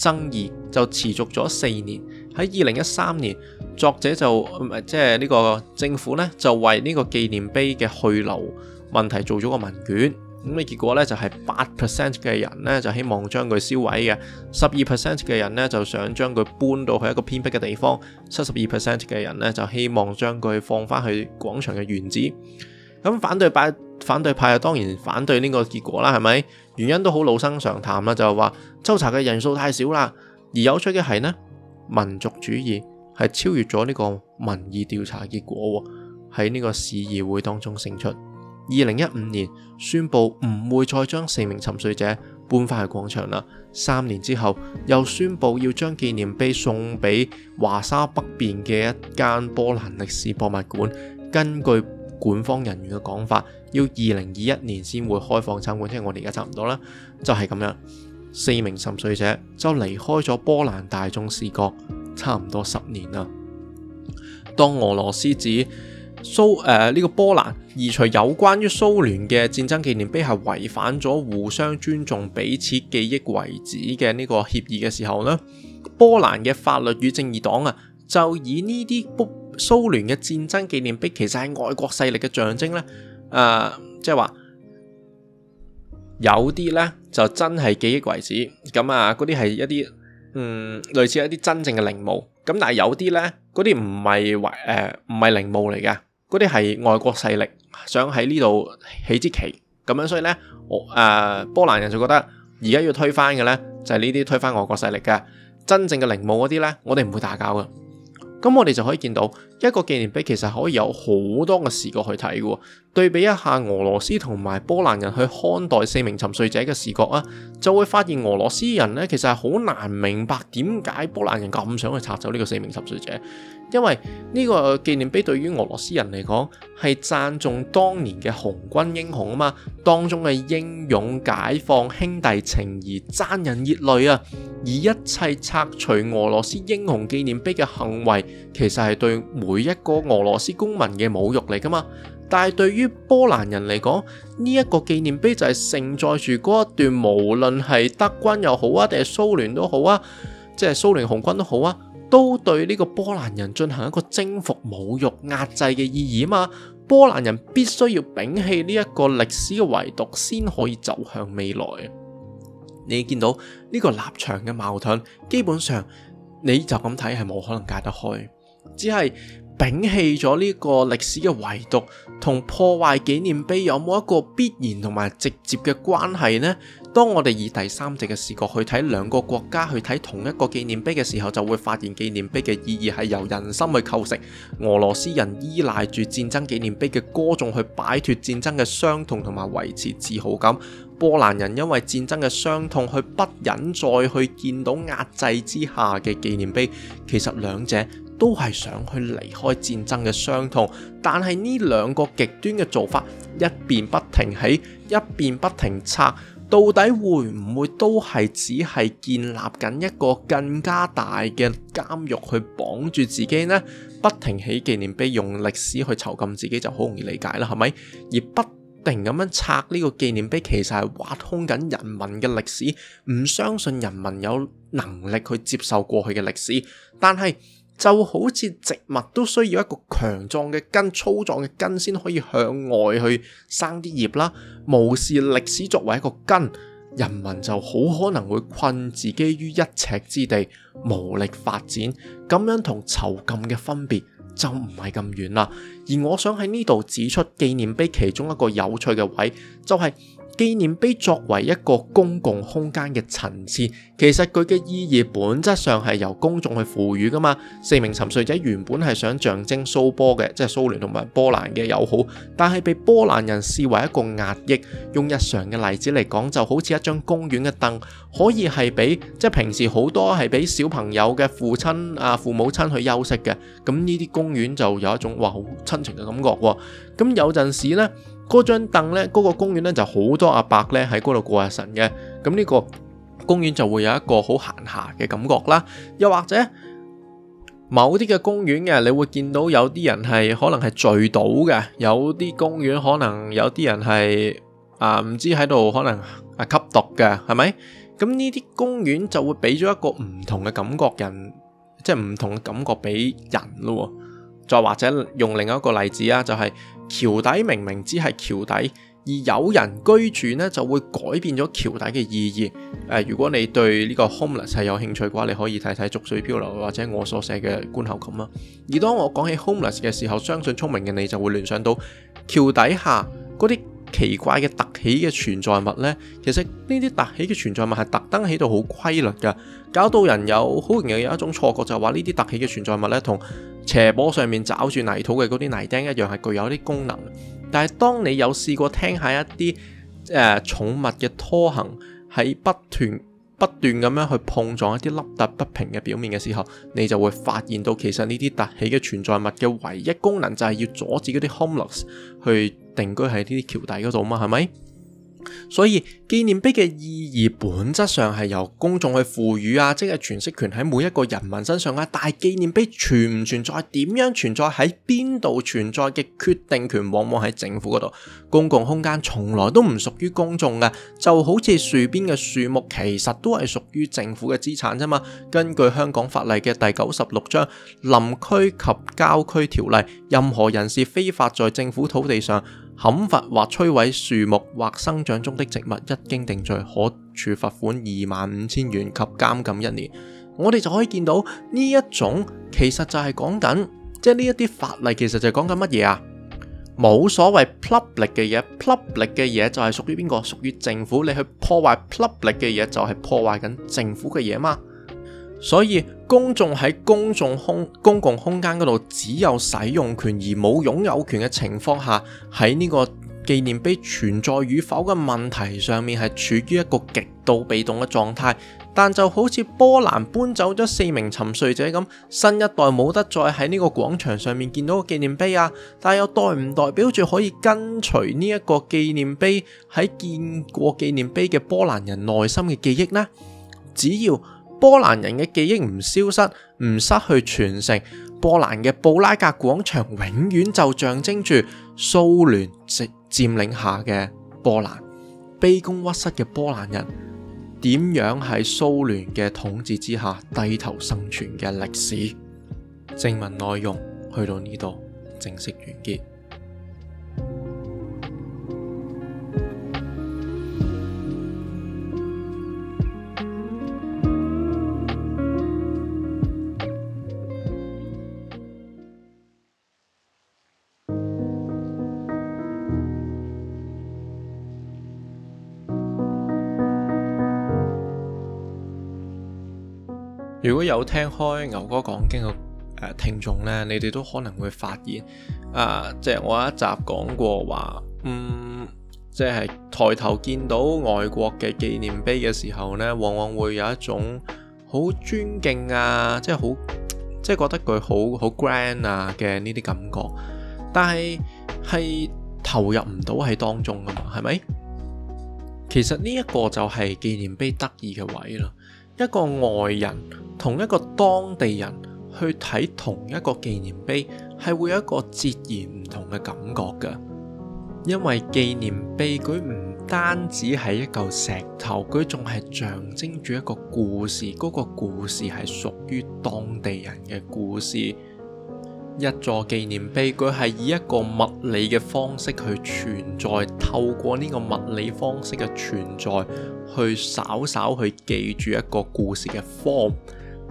爭議就持續咗四年。喺二零一三年，作者就即係呢個政府呢，就為呢個紀念碑嘅去留問題做咗個問卷。咁嘅結果呢，就係八 percent 嘅人呢，就希望將佢燒毀嘅，十二 percent 嘅人呢，就想將佢搬到去一個偏僻嘅地方，七十二 percent 嘅人呢，就希望將佢放翻去廣場嘅原址。咁反對派。反對派啊，當然反對呢個結果啦，係咪？原因都好老生常談啦，就係話抽查嘅人數太少啦。而有趣嘅係呢，民族主義係超越咗呢個民意調查結果，喺呢個市議會當中勝出。二零一五年宣布唔會再將四名沉睡者搬翻去廣場啦。三年之後又宣布要將紀念碑送俾華沙北邊嘅一間波蘭歷史博物館。根據官方人員嘅講法，要二零二一年先會開放參觀，即係我哋而家差唔多啦，就係、是、咁樣。四名沉睡者就離開咗波蘭大眾視角，差唔多十年啦。當俄羅斯指蘇誒，呢、呃這個波蘭移除有關於蘇聯嘅戰爭紀念碑係違反咗互相尊重彼此記憶遺址嘅呢個協議嘅時候呢，波蘭嘅法律與正義黨啊，就以呢啲蘇聯嘅戰爭紀念碑其實係外國勢力嘅象徵咧，誒，即係話有啲咧就真係記憶遺址，咁啊嗰啲係一啲嗯類似一啲真正嘅陵墓，咁但係有啲咧嗰啲唔係遺誒唔係陵墓嚟嘅，嗰啲係外國勢力想喺呢度起支旗咁樣，所以咧我誒波蘭人就覺得而家要推翻嘅咧就係呢啲推翻外國勢力嘅真正嘅陵墓嗰啲咧，我哋唔會打攪嘅。咁我哋就可以見到一個紀念碑，其實可以有好多個視角去睇嘅，對比一下俄羅斯同埋波蘭人去看待四名沉睡者嘅視角啊，就會發現俄羅斯人呢，其實係好難明白點解波蘭人咁想去拆走呢個四名沉睡者。因為呢個紀念碑對於俄羅斯人嚟講係讚頌當年嘅紅軍英雄啊嘛，當中嘅英勇解放兄弟情誼，讚人熱淚啊，而一切拆除俄羅斯英雄紀念碑嘅行為，其實係對每一個俄羅斯公民嘅侮辱嚟噶嘛。但係對於波蘭人嚟講，呢一個紀念碑就係承載住嗰一段無論係德軍又好啊，定係蘇聯都好啊，即係蘇聯紅軍都好啊。都對呢個波蘭人進行一個征服、侮辱、壓制嘅意義啊嘛！波蘭人必須要摒棄呢一個歷史嘅遺毒，先可以走向未來。你見到呢個立場嘅矛盾，基本上你就咁睇係冇可能解得開，只係摒棄咗呢個歷史嘅遺毒，同破壞紀念碑有冇一個必然同埋直接嘅關係呢？當我哋以第三隻嘅視角去睇兩個國家，去睇同一個紀念碑嘅時候，就會發現紀念碑嘅意義係由人心去構成。俄羅斯人依賴住戰爭紀念碑嘅歌頌去擺脱戰爭嘅傷痛同埋維持自豪感。波蘭人因為戰爭嘅傷痛，去不忍再去見到壓制之下嘅紀念碑。其實兩者都係想去離開戰爭嘅傷痛，但係呢兩個極端嘅做法，一邊不停起，一邊不停拆。到底會唔會都係只係建立緊一個更加大嘅監獄去綁住自己呢？不停起紀念碑，用歷史去囚禁自己就好容易理解啦，係咪？而不停咁樣拆呢個紀念碑，其實係挖空緊人民嘅歷史，唔相信人民有能力去接受過去嘅歷史，但係。就好似植物都需要一個強壯嘅根，粗壯嘅根先可以向外去生啲葉啦。無視歷史作為一個根，人民就好可能會困自己於一尺之地，無力發展。咁樣同囚禁嘅分別就唔係咁遠啦。而我想喺呢度指出紀念碑其中一個有趣嘅位，就係。紀念碑作為一個公共空間嘅層次，其實佢嘅意義本質上係由公眾去賦予噶嘛。四名沉睡者原本係想象徵蘇波嘅，即係蘇聯同埋波蘭嘅友好，但係被波蘭人視為一個壓抑。用日常嘅例子嚟講，就好似一張公園嘅凳，可以係俾即係平時好多係俾小朋友嘅父親啊父母親去休息嘅。咁呢啲公園就有一種哇好親情嘅感覺。咁有陣時呢。嗰張凳呢，嗰、嗰個嗰個公園呢，就好多阿伯呢喺嗰度過下神嘅，咁呢個公園就會有一個好閒暇嘅感覺啦。又或者某啲嘅公園嘅，你會見到有啲人係可能係醉倒嘅，有啲公園可能有啲人係啊唔知喺度可能啊吸毒嘅，係咪？咁呢啲公園就會俾咗一個唔同嘅感覺人，即係唔同嘅感覺俾人咯。再或者用另一個例子啊，就係、係。橋底明明只係橋底，而有人居住呢就會改變咗橋底嘅意義。呃，如果你對呢個 homeless 係有興趣嘅話，你可以睇睇《濁水漂流》或者我所寫嘅《觀後感》啊。而當我講起 homeless 嘅時候，相信聰明嘅你就會聯想到橋底下嗰啲奇怪嘅突起嘅存在物呢。其實呢啲突起嘅存在物係特登起到好規律嘅，搞到人有好容易有一種錯覺，就係話呢啲突起嘅存在物呢同斜坡上面找住泥土嘅嗰啲泥釘一樣，係具有啲功能，但係當你有試過聽下一啲誒寵物嘅拖行喺不斷不斷咁樣去碰撞一啲凹凸不平嘅表面嘅時候，你就會發現到其實呢啲凸起嘅存在物嘅唯一功能就係要阻止嗰啲 homeless 去定居喺呢啲橋底嗰度嘛，係咪？所以紀念碑嘅意義本質上係由公眾去賦予啊，即係詮釋權喺每一個人民身上啊。但係紀念碑存唔存在、點樣存在、喺邊度存在嘅決定權，往往喺政府嗰度。公共空間從來都唔屬於公眾嘅，就好似樹邊嘅樹木，其實都係屬於政府嘅資產啫嘛。根據香港法例嘅第九十六章《林區及郊區條例》，任何人士非法在政府土地上，砍伐或摧毀樹木或生長中的植物，一經定罪，可處罰款二萬五千元及監禁一年。我哋就可以見到呢一種，其實就係講緊，即係呢一啲法例，其實就係講緊乜嘢啊？冇所謂 public 嘅嘢，public 嘅嘢就係屬於邊個？屬於政府？你去破壞 public 嘅嘢，就係破壞緊政府嘅嘢嘛。所以，公眾喺公眾空公共空間嗰度只有使用權而冇擁有權嘅情況下，喺呢個紀念碑存在與否嘅問題上面係處於一個極度被動嘅狀態。但就好似波蘭搬走咗四名沉睡者咁，新一代冇得再喺呢個廣場上面見到個紀念碑啊！但又代唔代表住可以跟隨呢一個紀念碑喺見過紀念碑嘅波蘭人內心嘅記憶呢？只要波蘭人嘅記憶唔消失，唔失去傳承。波蘭嘅布拉格廣場永遠就象徵住蘇聯佔領下嘅波蘭，卑躬屈膝嘅波蘭人點樣喺蘇聯嘅統治之下低頭生存嘅歷史。正文內容去到呢度正式完結。有聽開牛哥講經嘅誒聽眾呢，你哋都可能會發現，啊，即係我一集講過話，嗯，即係抬頭見到外國嘅紀念碑嘅時候呢，往往會有一種好尊敬啊，即係好，即係覺得佢好好 grand 啊嘅呢啲感覺，但係係投入唔到喺當中噶嘛，係咪？其實呢一個就係紀念碑得意嘅位啦。一個外人同一個當地人去睇同一個紀念碑，係會有一個截然唔同嘅感覺㗎，因為紀念碑佢唔單止係一嚿石頭，佢仲係象徵住一個故事，嗰個故事係屬於當地人嘅故事。一座紀念碑，佢係以一個物理嘅方式去存在，透過呢個物理方式嘅存在，去稍稍去記住一個故事嘅 form，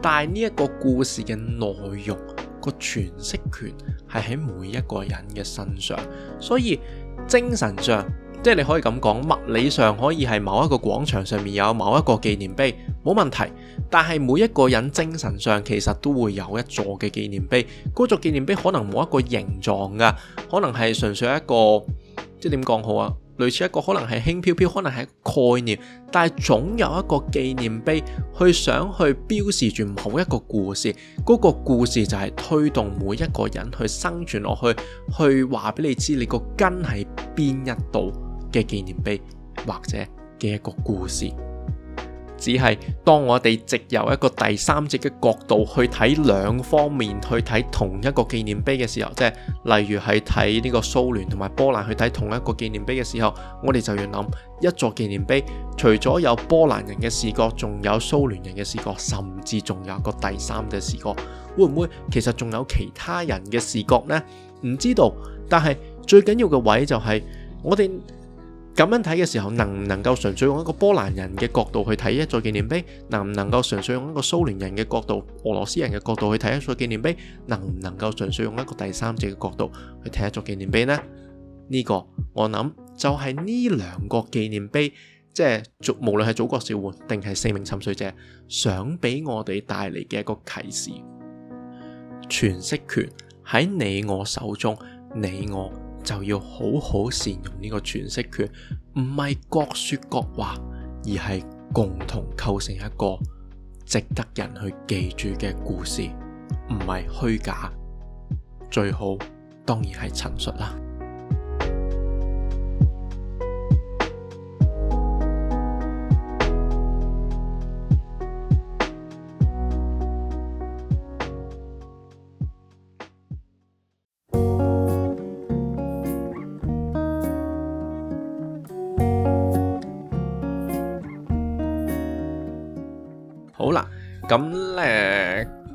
但係呢一個故事嘅內容、個詮釋權係喺每一個人嘅身上，所以精神上。即係你可以咁講，物理上可以係某一個廣場上面有某一個紀念碑冇問題，但係每一個人精神上其實都會有一座嘅紀念碑。嗰座紀念碑可能冇一個形狀噶，可能係純粹一個即係點講好啊？類似一個可能係輕飄飄，可能係一個概念，但係總有一個紀念碑去想去標示住某一個故事。嗰、那個故事就係推動每一個人去生存落去，去話俾你知你個根係邊一度。嘅紀念碑或者嘅一個故事，只係當我哋藉由一個第三者嘅角度去睇兩方面去睇同一個紀念碑嘅時候，即係例如係睇呢個蘇聯同埋波蘭去睇同一個紀念碑嘅時候，我哋就要諗一座紀念碑除咗有波蘭人嘅視覺，仲有蘇聯人嘅視覺，甚至仲有一個第三者嘅視覺，會唔會其實仲有其他人嘅視覺呢？唔知道，但係最緊要嘅位就係我哋，咁樣睇嘅時候，能唔能夠純粹用一個波蘭人嘅角度去睇一座紀念碑？能唔能夠純粹用一個蘇聯人嘅角度、俄羅斯人嘅角度去睇一座紀念碑？能唔能夠純粹用一個第三者嘅角度去睇一座紀念碑呢？呢、這個我諗就係呢兩個紀念碑，即係無論係祖國召喚定係四名沉睡者，想俾我哋帶嚟嘅一個啟示：詮釋權喺你我手中，你我。就要好好善用呢個詮釋權，唔係各說各話，而係共同構成一個值得人去記住嘅故事，唔係虛假。最好當然係陳述啦。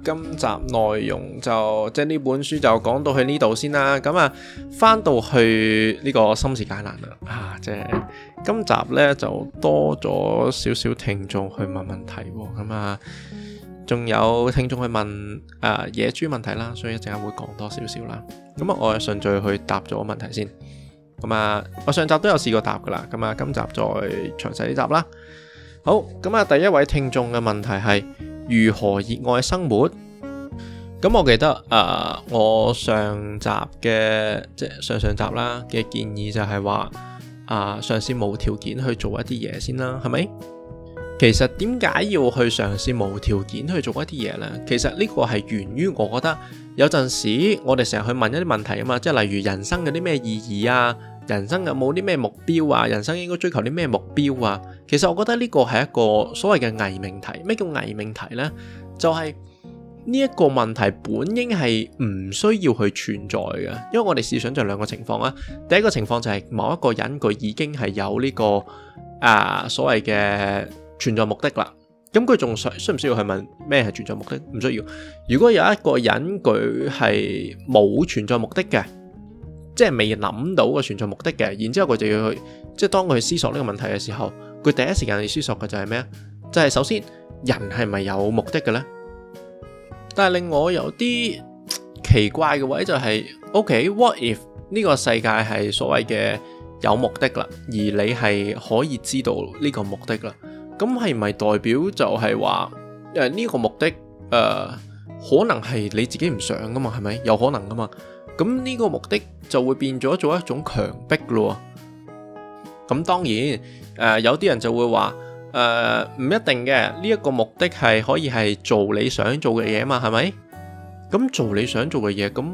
今集內容就即係呢本書就講到去呢度先啦。咁啊，翻到去呢個心事解難啦。啊，即係今集咧就多咗少少聽眾去問問題。咁啊，仲有聽眾去問啊野豬問題啦，所以一陣間會講多少少啦。咁啊，我順序去答咗問題先。咁啊，我上集都有試過答噶啦。咁啊，今集再詳細啲答啦。好，咁啊，第一位聽眾嘅問題係。如何熱愛生活？咁我記得，誒、呃，我上集嘅即係上上集啦嘅建議就係話，啊、呃，嘗試無條件去做一啲嘢先啦，係咪？其實點解要去嘗試無條件去做一啲嘢呢？其實呢個係源於我覺得有陣時我哋成日去問一啲問題啊嘛，即係例如人生有啲咩意義啊？人生有冇啲咩目標啊？人生應該追求啲咩目標啊？其實我覺得呢個係一個所謂嘅偽命題。咩叫偽命題呢？就係呢一個問題本應係唔需要去存在嘅。因為我哋試想就兩個情況啦。第一個情況就係某一個人佢已經係有呢個啊所謂嘅存在目的啦。咁佢仲需唔需要去問咩係存在目的？唔需要。如果有一個人佢係冇存在目的嘅。即係未諗到個存在目的嘅，然之後佢就要去，即係當佢去思索呢個問題嘅時候，佢第一時間去思索嘅就係咩啊？就係首先人係咪有目的嘅呢？但係令我有啲奇怪嘅位就係，OK，What if 呢個世界係所謂嘅有目的啦，而你係可以知道呢個目的啦？咁係咪代表就係話誒呢個目的誒可能係你自己唔想噶嘛？係咪有可能噶嘛？咁呢個目的就會變咗做一種強迫咯。咁當然，誒有啲人就會話，誒唔一定嘅。呢一個目的係可以係做你想做嘅嘢啊嘛，係咪？咁做你想做嘅嘢，咁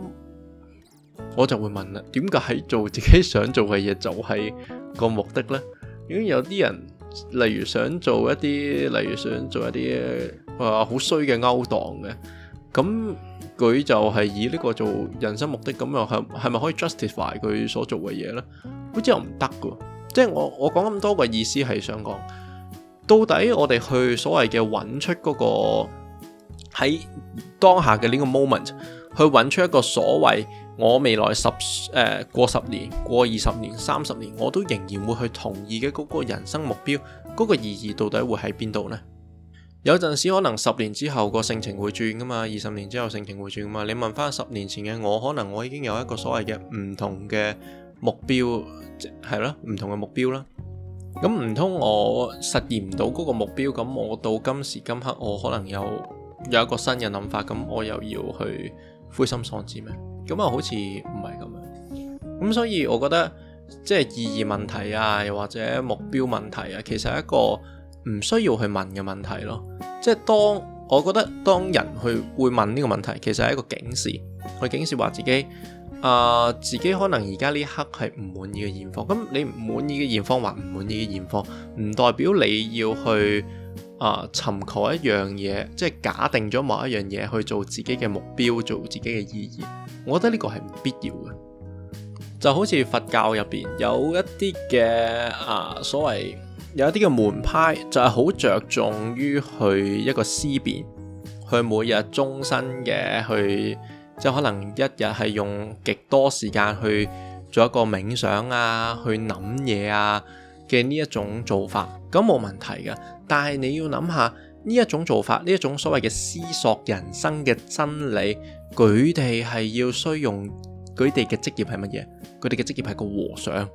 我就會問啦，點解係做自己想做嘅嘢就係個目的呢？咁有啲人，例如想做一啲，例如想做一啲誒好衰嘅勾當嘅，咁。佢就係以呢個做人生目的咁樣係咪可以 justify 佢所做嘅嘢呢？好似又唔得嘅，即係我我講咁多嘅意思係想講，到底我哋去所謂嘅揾出嗰個喺當下嘅呢個 moment，去揾出一個所謂我未來十、呃、過十年、過二十年、三十年，我都仍然會去同意嘅嗰個人生目標嗰個意義，到底會喺邊度呢？有陣時可能十年之後個性情會轉噶嘛，二十年之後性情會轉噶嘛。你問翻十年前嘅我，可能我已經有一個所謂嘅唔同嘅目標，係咯唔同嘅目標啦。咁唔通我實現唔到嗰個目標，咁我到今時今刻，我可能有有一個新嘅諗法，咁我又要去灰心喪志咩？咁啊，好似唔係咁樣。咁所以我覺得即係意義問題啊，又或者目標問題啊，其實係一個。唔需要去問嘅問題咯，即係當我覺得當人去會問呢個問題，其實係一個警示，去警示話自己，啊、呃、自己可能而家呢刻係唔滿意嘅現況。咁你唔滿意嘅現況，或唔滿意嘅現況，唔代表你要去啊尋、呃、求一樣嘢，即係假定咗某一樣嘢去做自己嘅目標，做自己嘅意義。我覺得呢個係唔必要嘅，就好似佛教入邊有一啲嘅啊所謂。有一啲嘅門派就係好着重於去一個思辨，去每日終身嘅去，即係可能一日係用極多時間去做一個冥想啊，去諗嘢啊嘅呢一種做法，咁冇問題嘅。但係你要諗下呢一種做法，呢一種所謂嘅思索人生嘅真理，佢哋係要需用佢哋嘅職業係乜嘢？佢哋嘅職業係個和尚。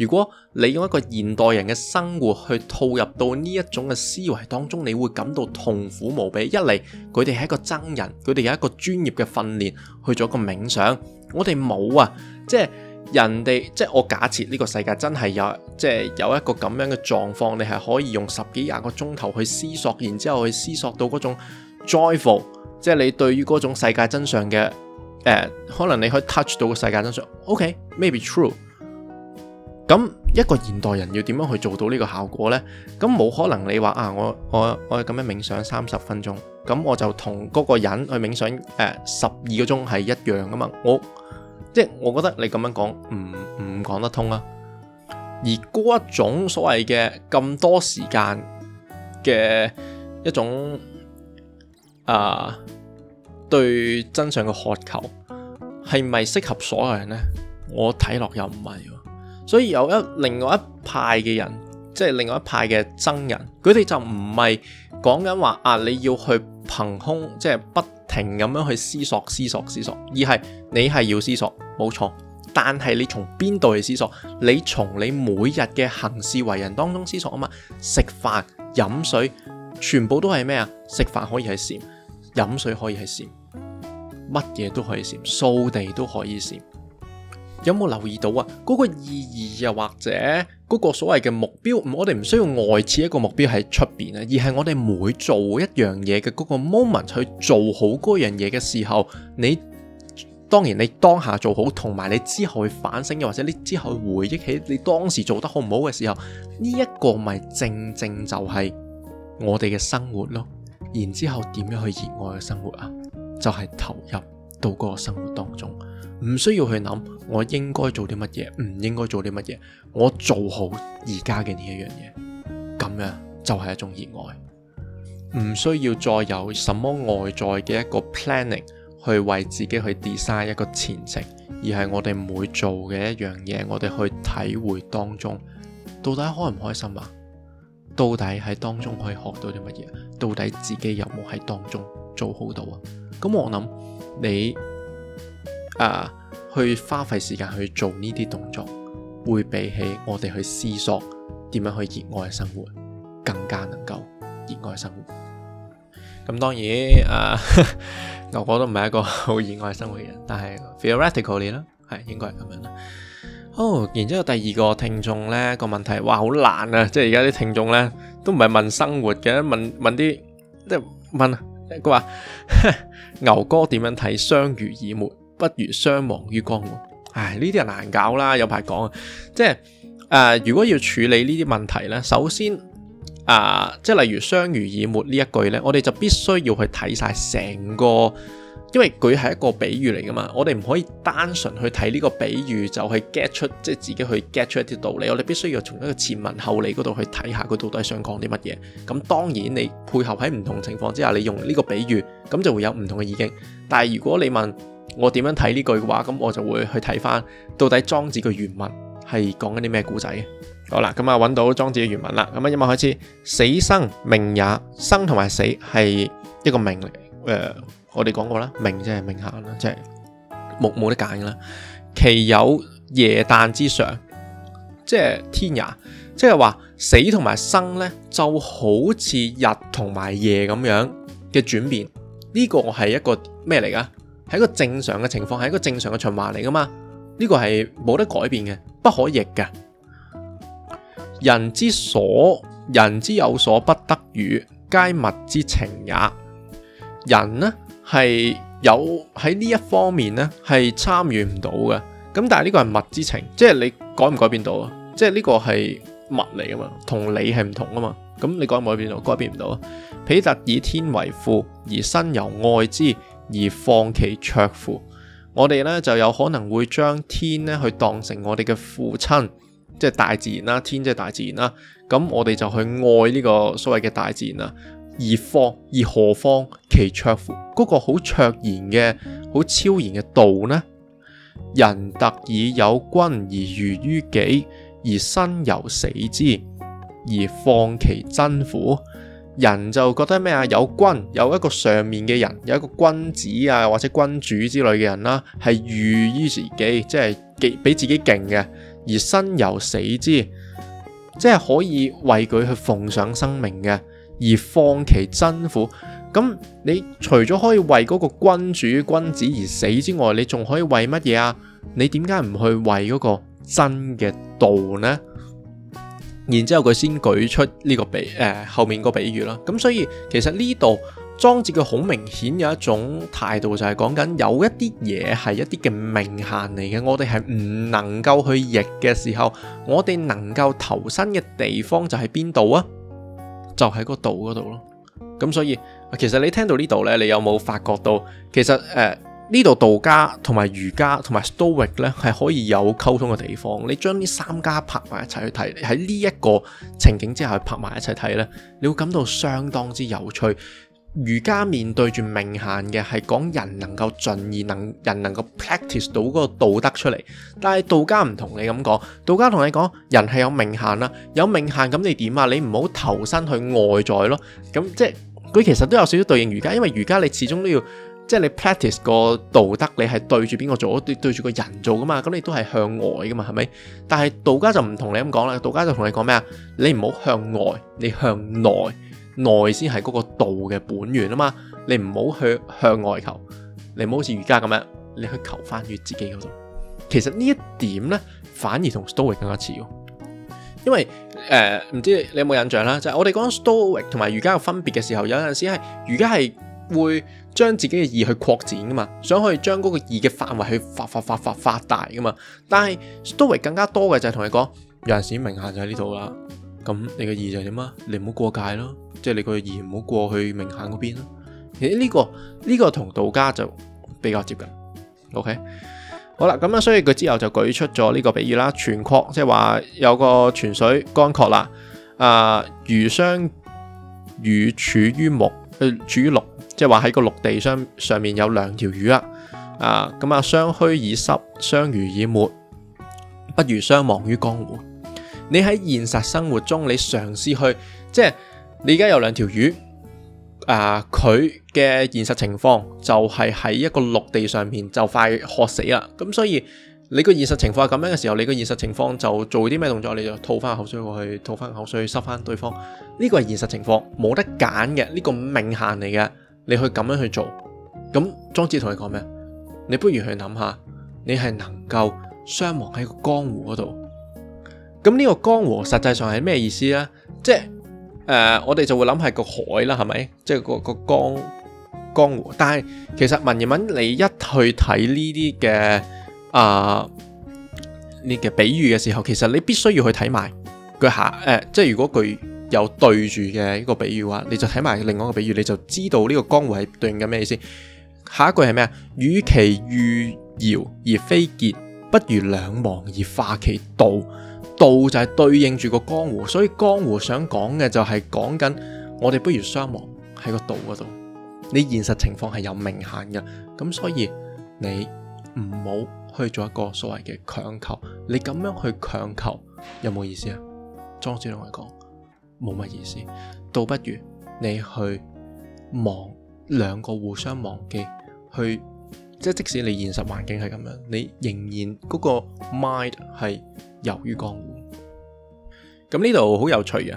如果你用一個現代人嘅生活去套入到呢一種嘅思維當中，你會感到痛苦無比。一嚟佢哋係一個僧人，佢哋有一個專業嘅訓練去做一個冥想。我哋冇啊，即係人哋，即係我假設呢個世界真係有，即係有一個咁樣嘅狀況，你係可以用十幾廿個鐘頭去思索，然之後去思索到嗰種 joyful，即係你對於嗰種世界真相嘅誒，可能你可以 touch 到個世界真相。OK，maybe true。咁一個現代人要點樣去做到呢個效果呢？咁冇可能你話啊，我我我咁樣冥想三十分鐘，咁我就同嗰個人去冥想誒十二個鐘係一樣噶嘛？我即係、就是、我覺得你咁樣講唔唔講得通啊！而嗰一種所謂嘅咁多時間嘅一種啊對真相嘅渴求，係咪適合所有人呢？我睇落又唔係。所以有一另外一派嘅人，即係另外一派嘅僧人，佢哋就唔係講緊話啊，你要去憑空，即係不停咁樣去思索、思索、思索，而係你係要思索，冇錯。但係你從邊度去思索？你從你每日嘅行事為人當中思索啊嘛，食飯飲水，全部都係咩啊？食飯可以係禪，飲水可以係禪，乜嘢都可以禪，掃地都可以禪。有冇留意到啊？嗰個意義又或者嗰個所謂嘅目標，我哋唔需要外設一個目標喺出邊啊，而係我哋每做一樣嘢嘅嗰個 moment 去做好嗰樣嘢嘅時候，你當然你當下做好，同埋你之後去反省，又或者你之後去回憶起你當時做得好唔好嘅時候，呢一個咪正正就係我哋嘅生活咯。然之後點樣去熱愛嘅生活啊？就係投入到嗰個生活當中。唔需要去諗，我應該做啲乜嘢，唔應該做啲乜嘢。我做好而家嘅呢一樣嘢，咁樣就係一種熱愛。唔需要再有什麼外在嘅一個 planning，去為自己去 design 一個前程，而係我哋每做嘅一樣嘢，我哋去體會當中，到底開唔開心啊？到底喺當中可以學到啲乜嘢？到底自己有冇喺當中做好到啊？咁我諗你。啊，去花費時間去做呢啲動作，會比起我哋去思索點樣去熱愛生活，更加能夠熱愛生活。咁當然，啊牛哥都唔係一個好熱愛生活嘅人，但係 theoretically 啦，係應該係咁樣啦。哦，然之後第二個聽眾咧，個問題，哇，好難啊！即係而家啲聽眾咧都唔係問生活嘅，問問啲即係問佢話牛哥點樣睇相濡以沫？不如相忘於江湖，啊。唉，呢啲係難搞啦。有排講啊，即係、呃、如果要處理呢啲問題呢，首先啊、呃，即係例如相濡以沫呢一句呢，我哋就必須要去睇晒成個，因為佢係一個比喻嚟噶嘛。我哋唔可以單純去睇呢個比喻就去 get 出，即係自己去 get 出一啲道理。我哋必須要從一個前文後理嗰度去睇下佢到底想講啲乜嘢。咁當然你配合喺唔同情況之下，你用呢個比喻，咁就會有唔同嘅意境。但係如果你問，我點樣睇呢句嘅話，咁我就會去睇返到底莊子嘅原文係講緊啲咩故仔嘅。好啦，咁啊揾到莊子嘅原文啦，咁啊因為開始，死生，命也，生同埋死係一個命嚟。誒、呃，我哋講過啦，名命即係命下啦，即係冇冇得揀啦。其有夜旦之常，即係天也，即係話死同埋生呢就好似日同埋夜咁樣嘅轉變。呢、這個我係一個咩嚟噶？喺一個正常嘅情況，係一個正常嘅循環嚟噶嘛？呢個係冇得改變嘅，不可逆嘅。人之所，人之有所不得與，皆物之情也。人呢係有喺呢一方面呢係參與唔到嘅。咁但係呢個係物之情，即係你改唔改變到啊？即係呢個係物嚟噶嘛，同你係唔同啊嘛。咁你改唔改變到？改變唔到啊！彼特以天為父，而身由愛之。而放其卓乎？我哋咧就有可能會將天咧去當成我哋嘅父親，即係大自然啦，天即係大自然啦。咁我哋就去愛呢個所謂嘅大自然啦，而放而何放其卓乎？嗰、那個好卓然嘅、好超然嘅道呢？人特以有君而愚於己，而身由死之，而放其真乎？人就覺得咩啊？有君，有一個上面嘅人，有一個君子啊或者君主之類嘅人啦，啊，係御於自己，即係比比自己勁嘅，而身由死之，即係可以為佢去奉上生命嘅，而放其真苦。咁你除咗可以為嗰個君主、君子而死之外，你仲可以為乜嘢啊？你點解唔去為嗰個真嘅道呢？然之後佢先舉出呢個比誒、呃、後面個比喻啦，咁所以其實呢度莊子佢好明顯有一種態度，就係講緊有一啲嘢係一啲嘅名限嚟嘅，我哋係唔能夠去譯嘅時候，我哋能夠投身嘅地方就係邊度啊？就喺個道嗰度咯。咁所以其實你聽到呢度呢，你有冇發覺到其實誒？呃呢度道家同埋儒家同埋 Stoic 咧，係可以有溝通嘅地方。你將呢三家拍埋一齊去睇，喺呢一個情景之下拍埋一齊睇咧，你會感到相當之有趣。儒家面對住命限嘅，係講人能夠盡而能人能夠 practice 到嗰個道德出嚟。但係道家唔同你咁講，道家同你講人係有命限啦，有命限咁你點啊？你唔好投身去外在咯。咁即係佢其實都有少少對應儒家，因為儒家你始終都要。即係你 practice 個道德你，你係對住邊個做？對住個人做噶嘛？咁你都係向外噶嘛？係咪？但係道家就唔同你咁講啦。道家就同你講咩啊？你唔好向外，你向內，內先係嗰個道嘅本源啊嘛。你唔好向外求，你唔好似儒家咁樣，你去求返於自己嗰度。其實呢一點呢，反而同 Stoic 更加似喎。因為呃，唔知你有冇印象啦？就係、是、我哋講 Stoic 同埋儒家嘅分別嘅時候，有陣時係係。儒家會將自己嘅義去擴展噶嘛，想可以將嗰個義嘅範圍去發發發發發大噶嘛，但係 s t o 更加多嘅就係同你講，有陣時明限就喺呢度啦。咁你嘅義就係點啊？你唔好過界咯，即、就、係、是、你個義唔好過去明限嗰邊咯。其實呢、這個呢、這個同道家就比較接近。OK，好啦，咁啊，所以佢之後就舉出咗呢個比喻，啦泉涸即係話有個泉水乾涸啦，啊、呃、魚相與處於木，誒、呃、處於即係話喺個陸地上上面有兩條魚啊，啊咁啊，相虛以濕，相濡以沫，不如相忘於江湖。你喺現實生活中，你嘗試去，即係你而家有兩條魚，啊佢嘅現實情況就係喺一個陸地上面就快渴死啦。咁所以你個現實情況係咁樣嘅時候，你個現實情況就做啲咩動作，你就吐翻口水過去，吐翻口水去濕翻對方。呢個係現實情況，冇得揀嘅，呢個命限嚟嘅。你去咁樣去做，咁莊子同你講咩？你不如去諗下，你係能夠相忘喺個江湖嗰度。咁呢個江湖實際上係咩意思呢？即係誒、呃，我哋就會諗係個海啦，係咪？即係個個江江湖。但係其實文言文你一去睇呢啲嘅啊呢嘅比喻嘅時候，其實你必須要去睇埋佢下誒、呃，即係如果佢。有對住嘅一個比喻話，你就睇埋另外一個比喻，你就知道呢個江湖係對應緊咩意思。下一句係咩啊？與其譽堯而非桀，不如兩忘而化其道。道就係對應住個江湖，所以江湖想講嘅就係講緊我哋不如雙亡喺個道嗰度。你現實情況係有明顯嘅，咁所以你唔好去做一個所謂嘅強求。你咁樣去強求有冇意思啊？莊子同我講。冇乜意思，倒不如你去忘兩個互相忘記，去即使你現實環境係咁樣，你仍然嗰個 mind 係游於江湖。咁呢度好有趣嘅，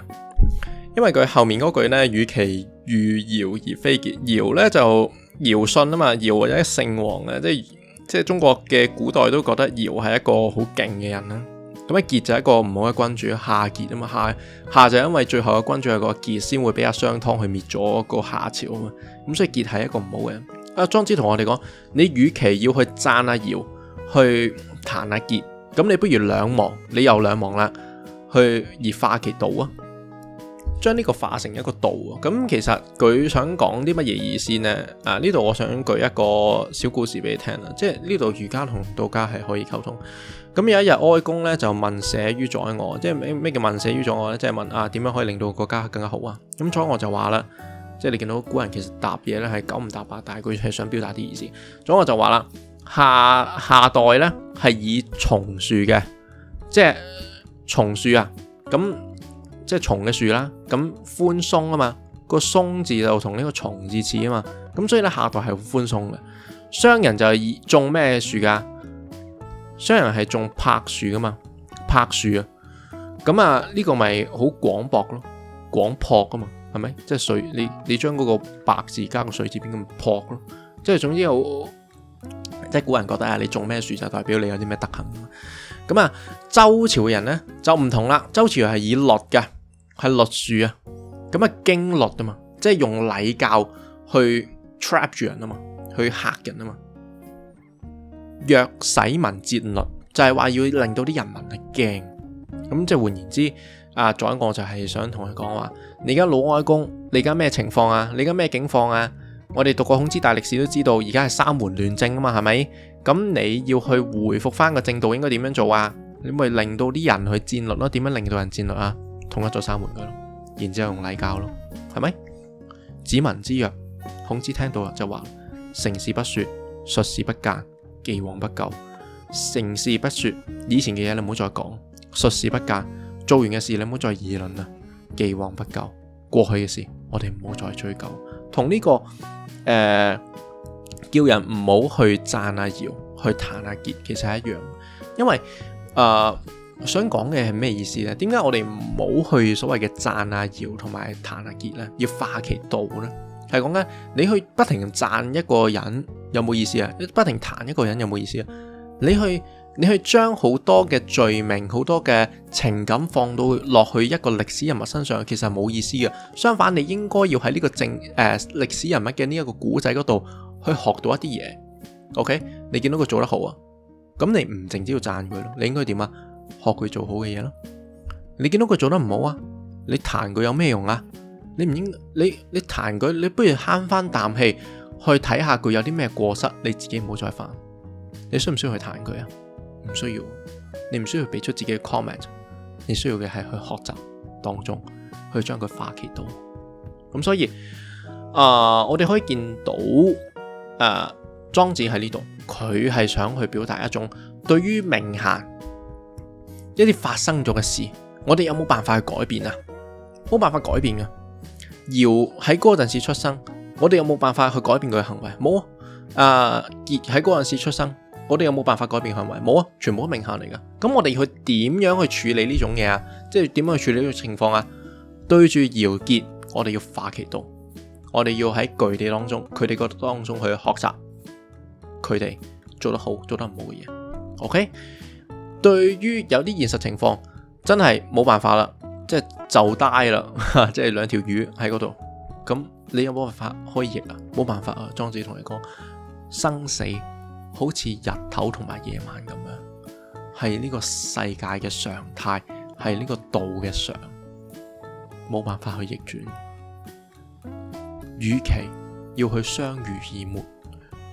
因為佢後面嗰句呢，與其譽堯而非桀，堯呢，就堯舜啊嘛，堯或者聖王啊，即係即係中國嘅古代都覺得堯係一個好勁嘅人啦。咁啊，桀就係一個唔好嘅君主，夏桀啊嘛，夏夏就係因為最後嘅君主係個桀，先會俾阿商湯去滅咗個夏朝啊嘛，咁所以桀係一個唔好嘅人。阿莊子同我哋講，你與其要去爭阿、啊、堯，去彈阿桀，咁你不如兩忘，你又兩忘啦，去而化其道啊。將呢個化成一個道啊。咁其實佢想講啲乜嘢意思呢？啊呢度我想舉一個小故事俾你聽啦，即係呢度儒家同道家係可以溝通。咁有一日哀公咧就問社於宰我，即係咩叫問社於宰我呢？即係問啊，點樣可以令到國家更加好啊？咁宰我就話啦，即係你見到古人其實答嘢咧係九唔搭八，但係佢係想表達啲意思。宰我就話啦，下下代呢係以松樹嘅，即係松樹啊，咁。即係松嘅樹啦，咁寬鬆啊嘛，個松字就同呢個鬆字似啊嘛，咁所以咧下代係寬鬆嘅。商人就係種咩樹噶？商人係種柏樹噶嘛，柏樹啊，咁啊呢個咪好廣博咯，廣博㗎嘛，係咪？即係水，你你將嗰個白字加個水字邊咁潑咯，即係總之好，即係古人覺得啊，你種咩樹就代表你有啲咩德行。咁啊，周朝嘅人呢，就唔同啦。周朝係以律㗎，係律樹啊，咁啊經律噶嘛，即係用禮教去 trap 住人啊嘛，去嚇人啊嘛，約使民節律，就係話要令到啲人民係驚。咁即係換言之，啊，昨一個就係想同佢講話，你而家老外公，你而家咩情況啊？你而家咩境況啊？我哋讀過孔子大歷史都知道，而家係三門亂政啊嘛，係咪？咁你要去回復翻個正道，應該點樣做啊？你咪令到啲人去戰慄咯？點樣令到人戰慄啊？統一咗三門佢咯，然之後用禮教咯，係咪？子聞之曰：「孔子聽到就話：成事不説，遂事不諫，既往不咎。成事不説，以前嘅嘢你唔好再講；遂事不諫，做完嘅事你唔好再議論啦；既往不咎，過去嘅事我哋唔好再追究。同呢、這個。誒、呃、叫人唔好去讚阿瑤，去彈阿傑，其實係一樣。因為誒、呃、想講嘅係咩意思呢？點解我哋唔好去所謂嘅讚阿瑤同埋彈阿傑呢？要化其道呢？係講緊你去不停讚一個人有冇意思啊？不停彈一個人有冇意思啊？你去。你去將好多嘅罪名，好多嘅情感放到落去一個歷史人物身上，其實係冇意思嘅。相反，你應該要喺呢個正誒、呃、歷史人物嘅呢一個古仔嗰度去學到一啲嘢。OK，你見到佢做得好啊，咁你唔淨止要讚佢咯，你應該點啊？學佢做好嘅嘢咯。你見到佢做得唔好啊，你彈佢有咩用啊？你唔應你你彈佢，你不如慳翻啖氣去睇下佢有啲咩過失，你自己唔好再犯。你需唔需要去彈佢啊？唔需要，你唔需要俾出自己嘅 comment，你需要嘅係去學習當中，去將佢化其到。咁所以，啊、呃，我哋可以見到，誒、呃，莊子喺呢度，佢係想去表達一種對於命限一啲發生咗嘅事，我哋有冇辦法去改變啊？冇辦法改變啊。堯喺嗰陣時出生，我哋有冇辦法去改變佢嘅行為？冇啊。誒、呃，桀喺嗰陣時出生。我哋有冇辦法改變行為？冇啊，全部都命限嚟噶。咁我哋去點樣去處理呢種嘢啊？即係點樣去處理呢種情況啊？對住姚杰，我哋要化其道。我哋要喺佢哋當中，佢哋個當中去學習佢哋做得好、做得唔好嘅嘢。OK，對於有啲現實情況，真係冇辦法啦，就是、就 即係就呆啦，即係兩條魚喺嗰度。咁你有冇辦法開逆啊？冇辦法啊，莊子同你講生死。好似日頭同埋夜晚咁樣，係呢個世界嘅常態，係呢個道嘅常，冇辦法去逆轉。與其要去相濡以沫，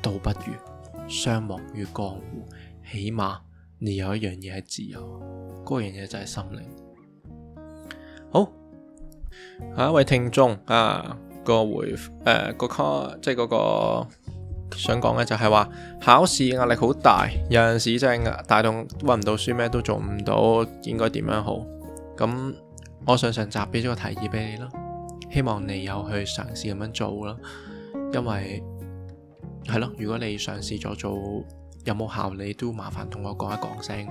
倒不如相忘於江湖。起碼你有一樣嘢係自由，嗰樣嘢就係心靈。好，下一位聽眾啊，個回誒個即係嗰個。想講嘅就係話考試壓力好大，有陣時真係大到搵唔到書，咩都做唔到，應該點樣好？咁我上上集俾咗個提議俾你咯，希望你有去嘗試咁樣做啦。因為係咯，如果你嘗試咗做有冇效，你都麻煩同我講一講聲，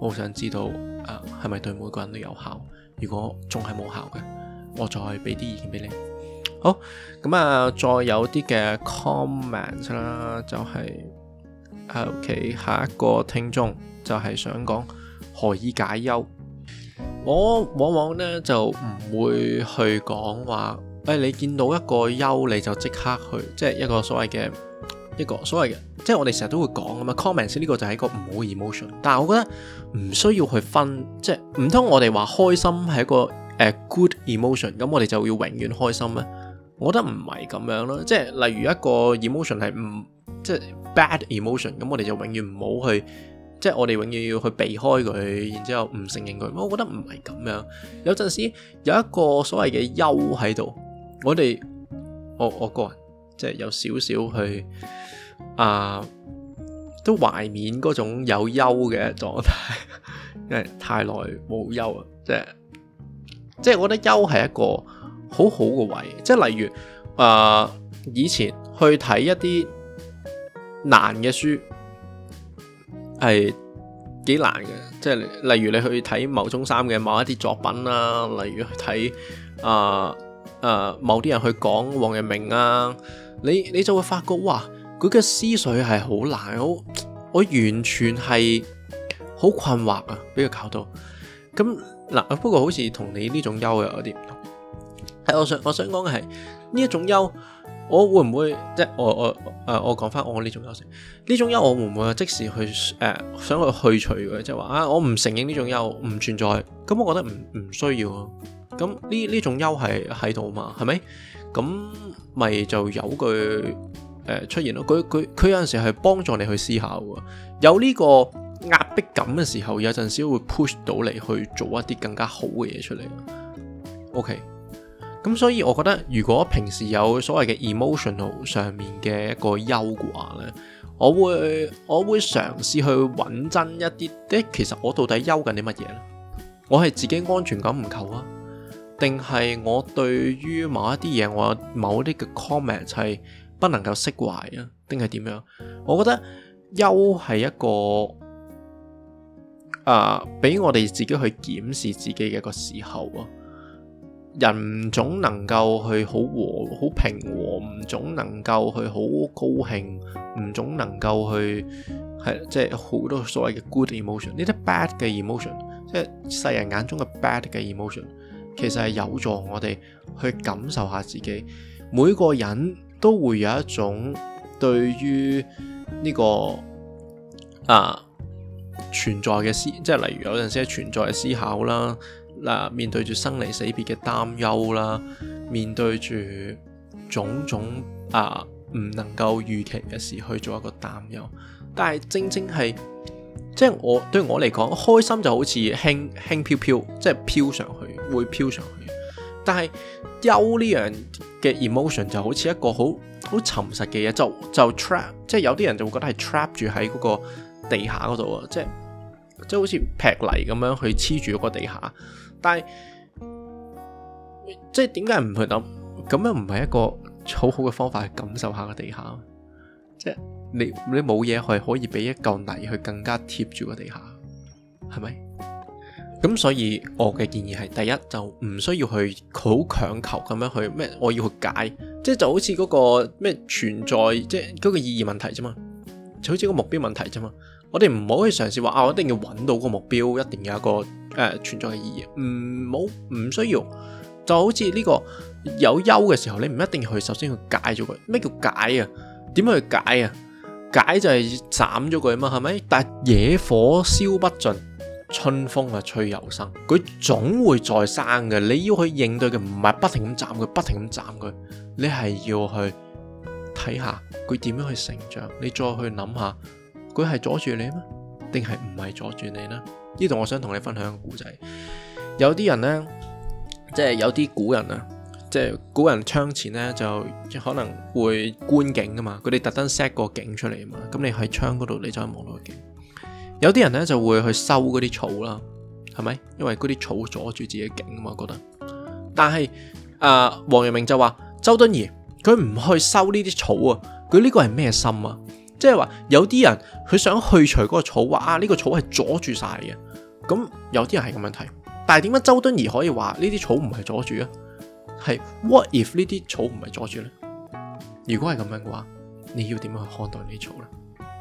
我好想知道誒係咪對每個人都有效？如果仲係冇效嘅，我再俾啲意見俾你。好咁啊，再有啲嘅 comment 啦，就係、誒、，OK，下一個聽眾就係想講何以解憂？我往往呢，就唔會去講話、哎、你見到一個憂，你就即刻去，即係一個所謂嘅一個所謂嘅，即係我哋成日都會講噶嘛。comment 呢個就係一個唔好 emotion，但係我覺得唔需要去分，即係唔通我哋話開心係一個 good emotion，咁我哋就要永遠開心咩？我覺得唔係咁樣咯，即係例如一個 emotion 係唔即係 bad emotion，咁我哋就永遠唔好去，即係我哋永遠要去避開佢，然之後唔承認佢。咁我覺得唔係咁樣，有陣時有一個所謂嘅憂喺度，我哋我我個人即係有少少去啊，都懷緬嗰種有憂嘅狀態，因為太耐冇憂啊，即係即係我覺得憂係一個。好好嘅位，即係例如，誒、呃，以前去睇一啲難嘅書係幾難嘅，即係例如你去睇某中三嘅某一啲作品啦、啊，例如去睇誒誒某啲人去講王陽明啊，你你就會發覺哇，佢嘅思緒係好難，我我完全係好困惑啊，俾佢搞到。咁嗱、呃，不過好似同你呢種優嘅嗰啲。係我想我想講嘅係呢一種憂，我會唔會即係我我誒我講翻我呢種憂先？呢種憂我會唔會即時去誒、呃、想去去除嘅？即係話啊，我唔承認呢種憂唔存在，咁我覺得唔唔需要咯。咁呢呢種憂係喺度嘛？係咪？咁咪就有佢誒、呃、出現咯。佢佢佢有陣時係幫助你去思考。有呢個壓迫感嘅時候，有陣時會 push 到你去做一啲更加好嘅嘢出嚟。OK。咁所以，我覺得如果平時有所謂嘅 emotional 上面嘅一個憂嘅話呢，我會我會嘗試去穩真一啲，即其實我到底憂緊啲乜嘢呢？我係自己安全感唔夠啊，定係我對於某一啲嘢，我某啲嘅 comment 係不能夠釋懷啊？定係點樣？我覺得憂係一個啊，俾、呃、我哋自己去檢視自己嘅一個時候啊。人唔總能夠去好和好平和，唔總能夠去好高興，唔總能夠去係即係好多所謂嘅 good emotion。呢啲 bad 嘅 emotion，即係世人眼中嘅 bad 嘅 emotion，其實係有助我哋去感受下自己。每個人都會有一種對於呢個啊存在嘅思，即係例如有陣時存在嘅思考啦。嗱，面對住生離死別嘅擔憂啦，面對住種種啊唔，呃，唔能夠預期嘅事去做一個擔憂，但係正正係，即係我對我嚟講，開心就好似輕輕飄飄，即係飄上去，會飄上去。但係憂呢樣嘅 emotion 就好似一個好好沉實嘅嘢，就就 trap，即係有啲人就會覺得係 trap 住喺嗰個地下嗰度啊，即係即係好似劈泥咁樣去黐住嗰個地下。但係，即係點解唔去諗？咁樣唔係一個好好嘅方法去感受一下個地下。即係你你冇嘢去可以俾一嚿泥去更加貼住個地下，係咪？咁所以我嘅建議係，第一就唔需要去好強求咁樣去咩，我要去解，即係就好似嗰個咩存在，即係嗰個意義問題啫嘛，就好似個目標問題啫嘛。我哋唔好去嘗試話啊！我一定要搵到個目標，一定要有一個誒、呃、存在嘅意義。唔好，唔需要就好似呢、這個有憂嘅時候，你唔一定要去首先去解咗佢。咩叫解啊？點樣去解啊？解就係斬咗佢啊嘛，係咪？但係野火燒不盡，春風啊吹又生，佢總會再生嘅。你要去應對嘅唔係不停咁斬佢，不停咁斬佢，你係要去睇下佢點樣去成長。你再去諗下。佢係阻住你咩？定係唔係阻住你呢？呢度我想同你分享個故仔。有啲人呢，即係有啲古人啊，即係古人窗前呢，就可能會觀景㗎嘛。佢哋特登 set 個景出嚟啊嘛。咁你喺窗嗰度，你就望到個景。有啲人呢，就會去收嗰啲草啦，係咪？因為嗰啲草阻住自己景啊嘛。我覺得，但係啊、呃，王陽明就話：周敦頤佢唔去收呢啲草啊，佢呢個係咩心啊？即係話有啲人佢想去除嗰個草，話啊呢個草係阻住晒嘅。咁有啲人係咁樣睇，但係點解周敦頤可以話呢啲草唔係阻住啊？係 What if 呢啲草唔係阻住呢？如果係咁樣嘅話，你要點樣去看待呢啲草呢？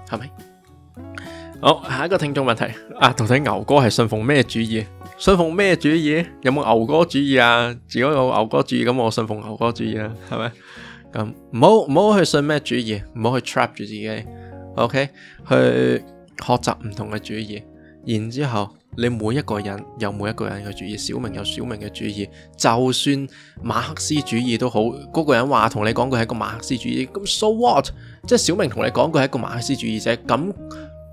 係咪？好，下一個聽眾問題啊，到底牛哥係信奉咩主義？信奉咩主義？有冇牛哥主義啊？如果有牛哥主義，咁我信奉牛哥主義啊，係咪？咁唔好唔好去信咩主義，唔好去 trap 住自己，OK？去學習唔同嘅主義，然之後你每一個人有每一個人嘅主義，小明有小明嘅主義，就算馬克思主義都好，嗰、那個人話同你講佢係一個馬克思主義，咁 so what？即係小明同你講佢係一個馬克思主義者，咁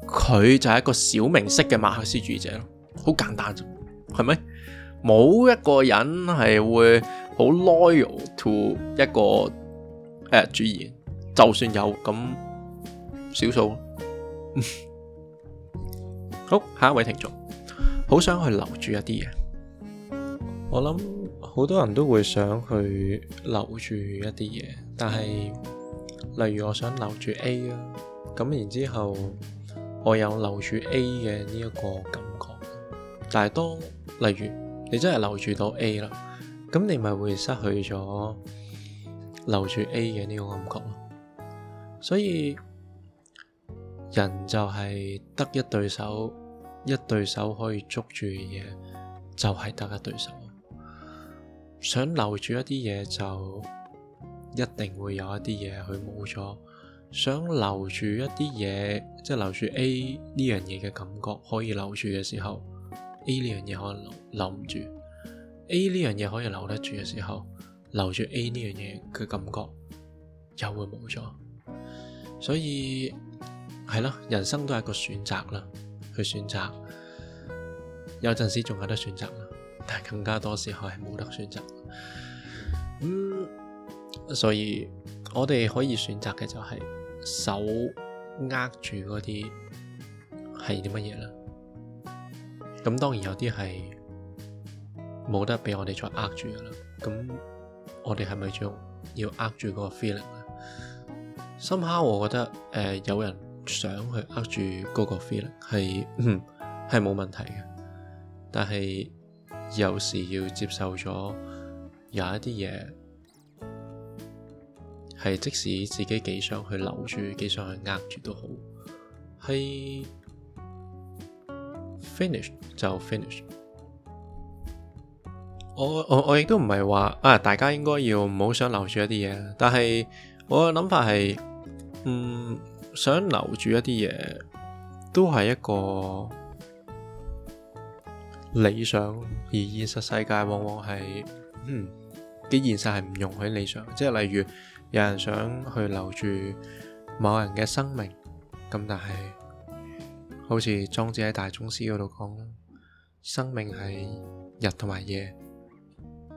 佢就係一個小明式嘅馬克思主義者咯，好簡單咋，係咪？冇一個人係會好 loyal to 一個。誒，主義就算有咁少數，數 好，下一位聽眾，好想去留住一啲嘢。我諗好多人都會想去留住一啲嘢，但係例如我想留住 A 啊。咁然之後我有留住 A 嘅呢一個感覺，但係當例如你真係留住到 A 啦，咁你咪會失去咗。留住 A 嘅呢個感覺，所以人就係得一對手，一對手可以捉住嘅嘢就係、是、得一對手。想留住一啲嘢，就一定會有一啲嘢佢冇咗。想留住一啲嘢，即、就、係、是、留住 A 呢樣嘢嘅感覺可以留住嘅時候，A 呢樣嘢可以留唔住。A 呢樣嘢可以留得住嘅時候。留住 A 呢樣嘢嘅感覺，又會冇咗，所以係咯，人生都係一個選擇啦。去選擇有陣時仲有得選擇，但係更加多時候係冇得選擇。咁、嗯，所以我哋可以選擇嘅就係、係、手握住嗰啲係啲乜嘢啦。咁當然有啲係冇得俾我哋再握住噶啦。咁。我哋係咪仲要握住嗰個 feeling？深刻，Somehow, 我覺得誒、呃，有人想去握住嗰個 feeling，係嗯，係冇問題嘅。但係有時要接受咗有一啲嘢，係即使自己幾想去留住，幾想去握住都好，係 finish 就 finish。我我我亦都唔係話啊，大家應該要唔好想留住一啲嘢，但係我嘅諗法係，嗯，想留住一啲嘢都係一個理想，而現實世界往往係嗯，啲現實係唔容許理想，即係例如有人想去留住某人嘅生命，咁但係好似莊子喺大宗師嗰度講，生命係日同埋夜。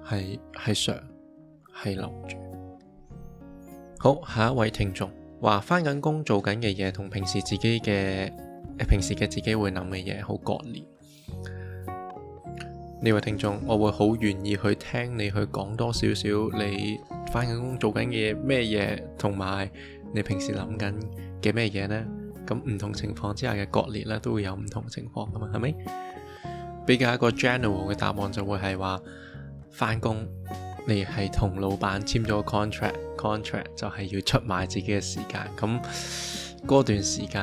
係係常係留住。好，下一位聽眾話翻緊工做緊嘅嘢，同平時自己嘅平時嘅自己會諗嘅嘢好割裂。呢位聽眾，我會好願意去聽你去講多少少你翻緊工做緊嘅咩嘢，同埋你平時諗緊嘅咩嘢呢？咁唔同情況之下嘅割裂咧，都會有唔同情況噶嘛，係咪？比較一個 general 嘅答案就會係話。返工，你係同老闆簽咗 contract，contract 就係要出賣自己嘅時間。咁嗰段時間，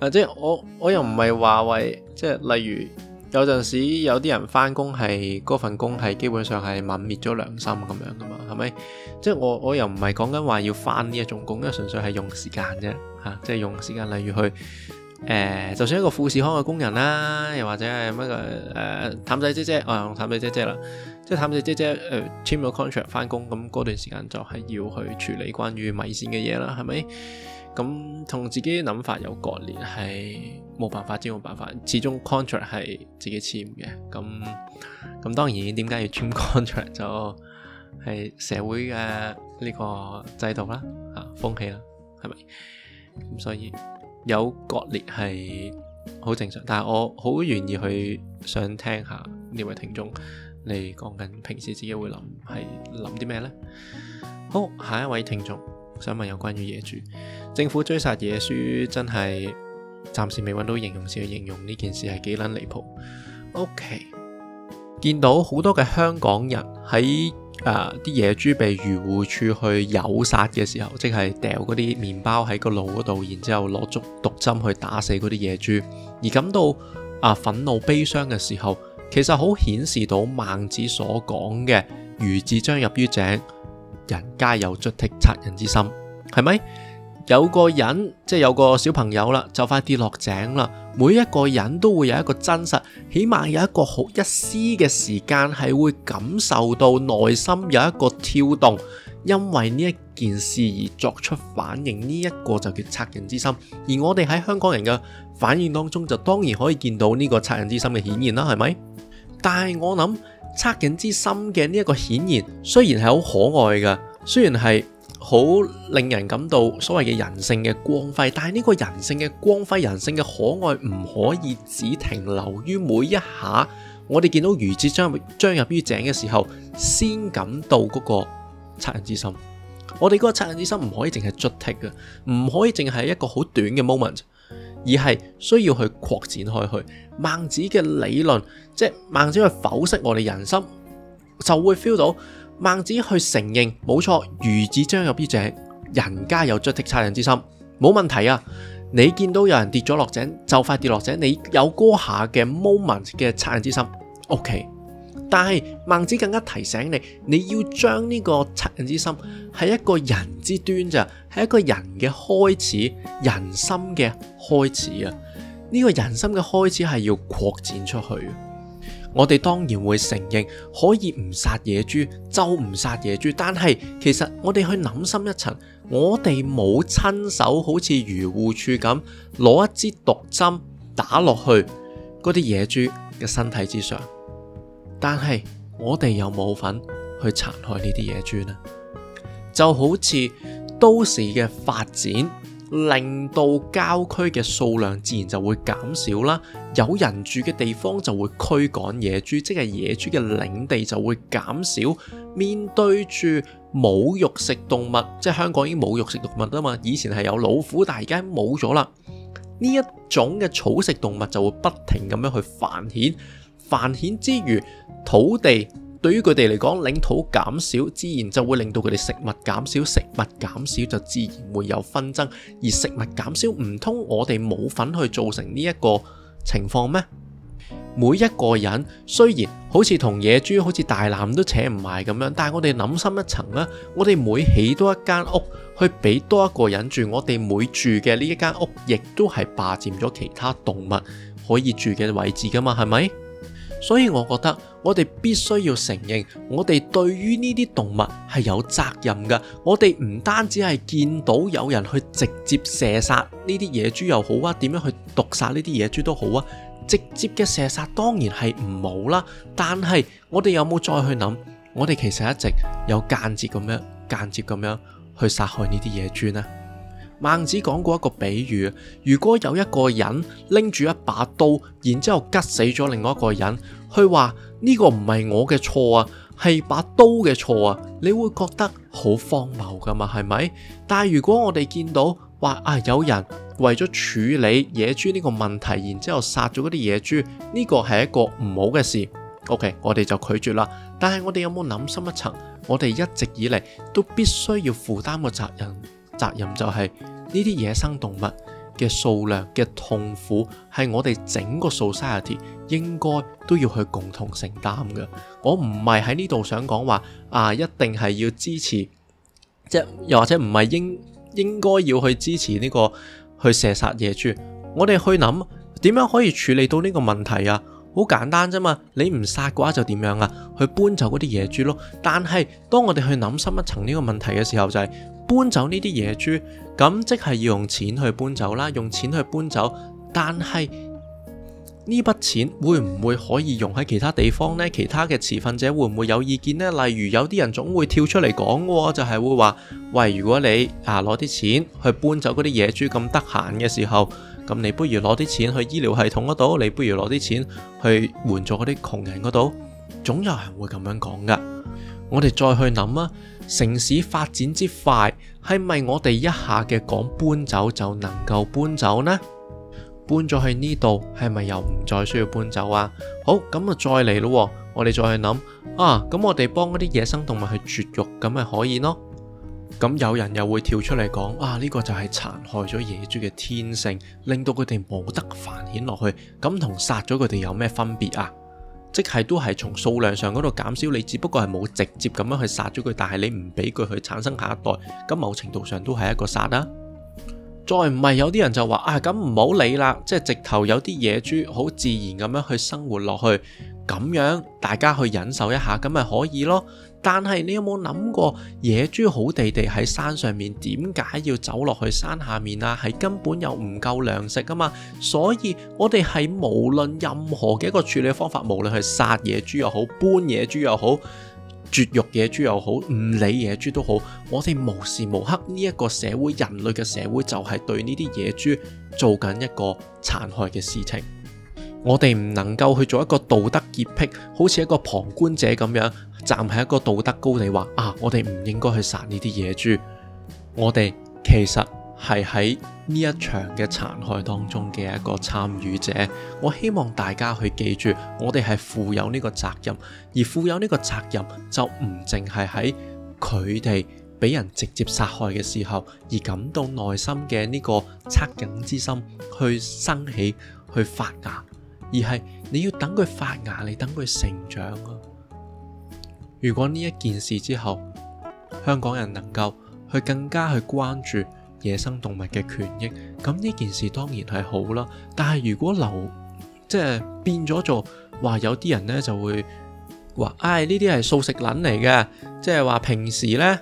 啊，即係我我又唔係話為，即係例如有陣時有啲人返工係嗰份工係基本上係泯滅咗良心咁樣㗎嘛，係咪？即係我我又唔係講緊話要返呢一種工，因為純粹係用時間啫，嚇、啊，即係用時間，例如去。誒、呃，就算一個富士康嘅工人啦，又或者係乜嘅誒，淡仔姐姐，我、哦、用淡仔姐姐啦，即係淡仔姐姐誒、呃、簽咗 contract 翻工，咁嗰段時間就係要去處理關於米線嘅嘢啦，係咪？咁同自己諗法有割裂，係冇辦法，只冇辦法，始終 contract 係自己簽嘅，咁咁當然點解要簽 contract 就係社會嘅呢個制度啦，嚇、啊、風氣啦，係咪？咁所以。有割裂係好正常，但係我好願意去想聽下呢位聽眾嚟講緊平時自己會諗係諗啲咩呢？好，下一位聽眾想問有關於野豬，政府追殺野豬，真係暫時未揾到形容詞去形容呢件事係幾撚離譜。O.K. 見到好多嘅香港人喺。啊！啲野豬被漁護處去誘殺嘅時候，即係掉嗰啲麵包喺個路嗰度，然之後攞支毒針去打死嗰啲野豬，而感到啊憤怒悲傷嘅時候，其實好顯示到孟子所講嘅孺子將入於井，人皆有怵惕惻隱之心，係咪？有個人即係、就是、有個小朋友啦，就快跌落井啦。每一個人都會有一個真實，起碼有一個好一絲嘅時間係會感受到內心有一個跳動，因為呢一件事而作出反應。呢、這、一個就叫惻隱之心，而我哋喺香港人嘅反應當中，就當然可以見到呢個惻隱之心嘅顯現啦，係咪？但係我諗惻隱之心嘅呢一個顯現，雖然係好可愛㗎，雖然係。好令人感到所謂嘅人性嘅光輝，但係呢個人性嘅光輝、人性嘅可愛唔可以只停留於每一下。我哋見到孺子將入將入於井嘅時候，先感到嗰個惻隱之心。我哋嗰個惻隱之心唔可以淨係怵惕嘅，唔可以淨係一個好短嘅 moment，而係需要去擴展開去。孟子嘅理論，即係孟子去剖析我哋人心，就會 feel 到。孟子去承認冇錯，孺子將入於井，人皆有怵惕惻人之心，冇問題啊！你見到有人跌咗落井，就快跌落井，你有嗰下嘅 moment 嘅惻人之心，ok。但係孟子更加提醒你，你要將呢個惻人之心係一個人之端咋，係一個人嘅開始，人心嘅開始啊！呢、呢個人心嘅開始係要擴展出去。我哋當然會承認可以唔殺野豬就唔殺野豬，但係其實我哋去諗深一層，我哋冇親手好似漁護處咁攞一支毒針打落去嗰啲野豬嘅身體之上，但係我哋有冇份去殘害呢啲野豬呢？就好似都市嘅發展。令到郊區嘅數量自然就會減少啦。有人住嘅地方就會驅趕野豬，即係野豬嘅領地就會減少。面對住冇肉食動物，即係香港已經冇肉食動物啊嘛。以前係有老虎，但係而家冇咗啦。呢一種嘅草食動物就會不停咁樣去繁衍，繁衍之餘土地。對於佢哋嚟講，領土減少，自然就會令到佢哋食物減少。食物減少就自然會有紛爭。而食物減少唔通我哋冇份去造成呢一個情況咩？每一個人雖然好似同野豬好似大纜都扯唔埋咁樣，但係我哋諗深一層啦。我哋每起多一間屋去俾多一個人住，我哋每住嘅呢一間屋，亦都係霸佔咗其他動物可以住嘅位置噶嘛？係咪？所以我覺得我哋必須要承認，我哋對於呢啲動物係有責任㗎。我哋唔單止係見到有人去直接射殺呢啲野豬又好啊，點樣去毒殺呢啲野豬都好啊。直接嘅射殺當然係唔好啦，但係我哋有冇再去諗？我哋其實一直有間接咁樣、間接咁樣去殺害呢啲野豬呢？孟子講過一個比喻，如果有一個人拎住一把刀，然之後劏死咗另外一個人，佢話呢個唔係我嘅錯啊，係把刀嘅錯啊，你會覺得好荒謬㗎嘛？係咪？但係如果我哋見到話啊有人為咗處理野豬呢個問題，然之後殺咗嗰啲野豬，呢個係一個唔好嘅事。OK，我哋就拒絕啦。但係我哋有冇諗深一層？我哋一直以嚟都必須要負擔個責任。責任就係呢啲野生動物嘅數量嘅痛苦係我哋整個 society 應該都要去共同承擔㗎。我唔係喺呢度想講話啊，一定係要支持，即又或者唔係應應該要去支持呢、這個去射殺野豬。我哋去諗點樣可以處理到呢個問題啊？好簡單啫嘛，你唔殺嘅話就點樣啊？去搬走嗰啲野豬咯。但係當我哋去諗深一層呢個問題嘅時候、就是，就係。搬走呢啲野豬，咁即係要用錢去搬走啦，用錢去搬走。但係呢筆錢會唔會可以用喺其他地方呢？其他嘅持份者會唔會有意見呢？例如有啲人總會跳出嚟講，就係會話：喂，如果你啊攞啲錢去搬走嗰啲野豬咁得閒嘅時候，咁你不如攞啲錢去醫療系統嗰度，你不如攞啲錢去援助嗰啲窮人嗰度，總有人會咁樣講噶。我哋再去諗啊。城市發展之快，係咪我哋一下嘅講搬走就能夠搬走呢？搬咗去呢度，係咪又唔再需要搬走啊？好，咁啊再嚟咯，我哋再去諗啊，咁我哋幫嗰啲野生動物去絕育，咁咪可以咯？咁有人又會跳出嚟講啊，呢個就係殘害咗野豬嘅天性，令到佢哋冇得繁衍落去，咁同殺咗佢哋有咩分別啊？即係都係從數量上嗰度減少你，只不過係冇直接咁樣去殺咗佢，但係你唔俾佢去產生下一代，咁某程度上都係一個殺啦，啊。再唔係有啲人就話啊，咁唔好理啦，即係直頭有啲野豬好自然咁樣去生活落去。咁樣大家去忍受一下咁咪可以咯，但係你有冇諗過野豬好地地喺山上面，點解要走落去山下面啊？係根本又唔夠糧食吖嘛，所以我哋係無論任何嘅一個處理方法，無論係殺野豬又好，搬野豬又好，絕育野豬又好，唔理野豬都好，我哋無時無刻呢一個社會，人類嘅社會就係對呢啲野豬做緊一個殘害嘅事情。我哋唔能夠去做一個道德潔癖，好似一個旁觀者咁樣，站喺一個道德高地話啊，我哋唔應該去殺呢啲野豬。我哋其實係喺呢一場嘅殘害當中嘅一個參與者。我希望大家去記住，我哋係負有呢個責任，而負有呢個責任就唔淨係喺佢哋俾人直接殺害嘅時候，而感到內心嘅呢個惻隱之心去生起、去發芽。而係你要等佢發芽，你等佢成長啊！如果呢一件事之後，香港人能夠去更加去關注野生動物嘅權益，咁呢件事當然係好啦。但係如果流，即係變咗做話，有啲人呢就會話，唉、哎，呢啲係素食撚嚟嘅，即係話平時呢，」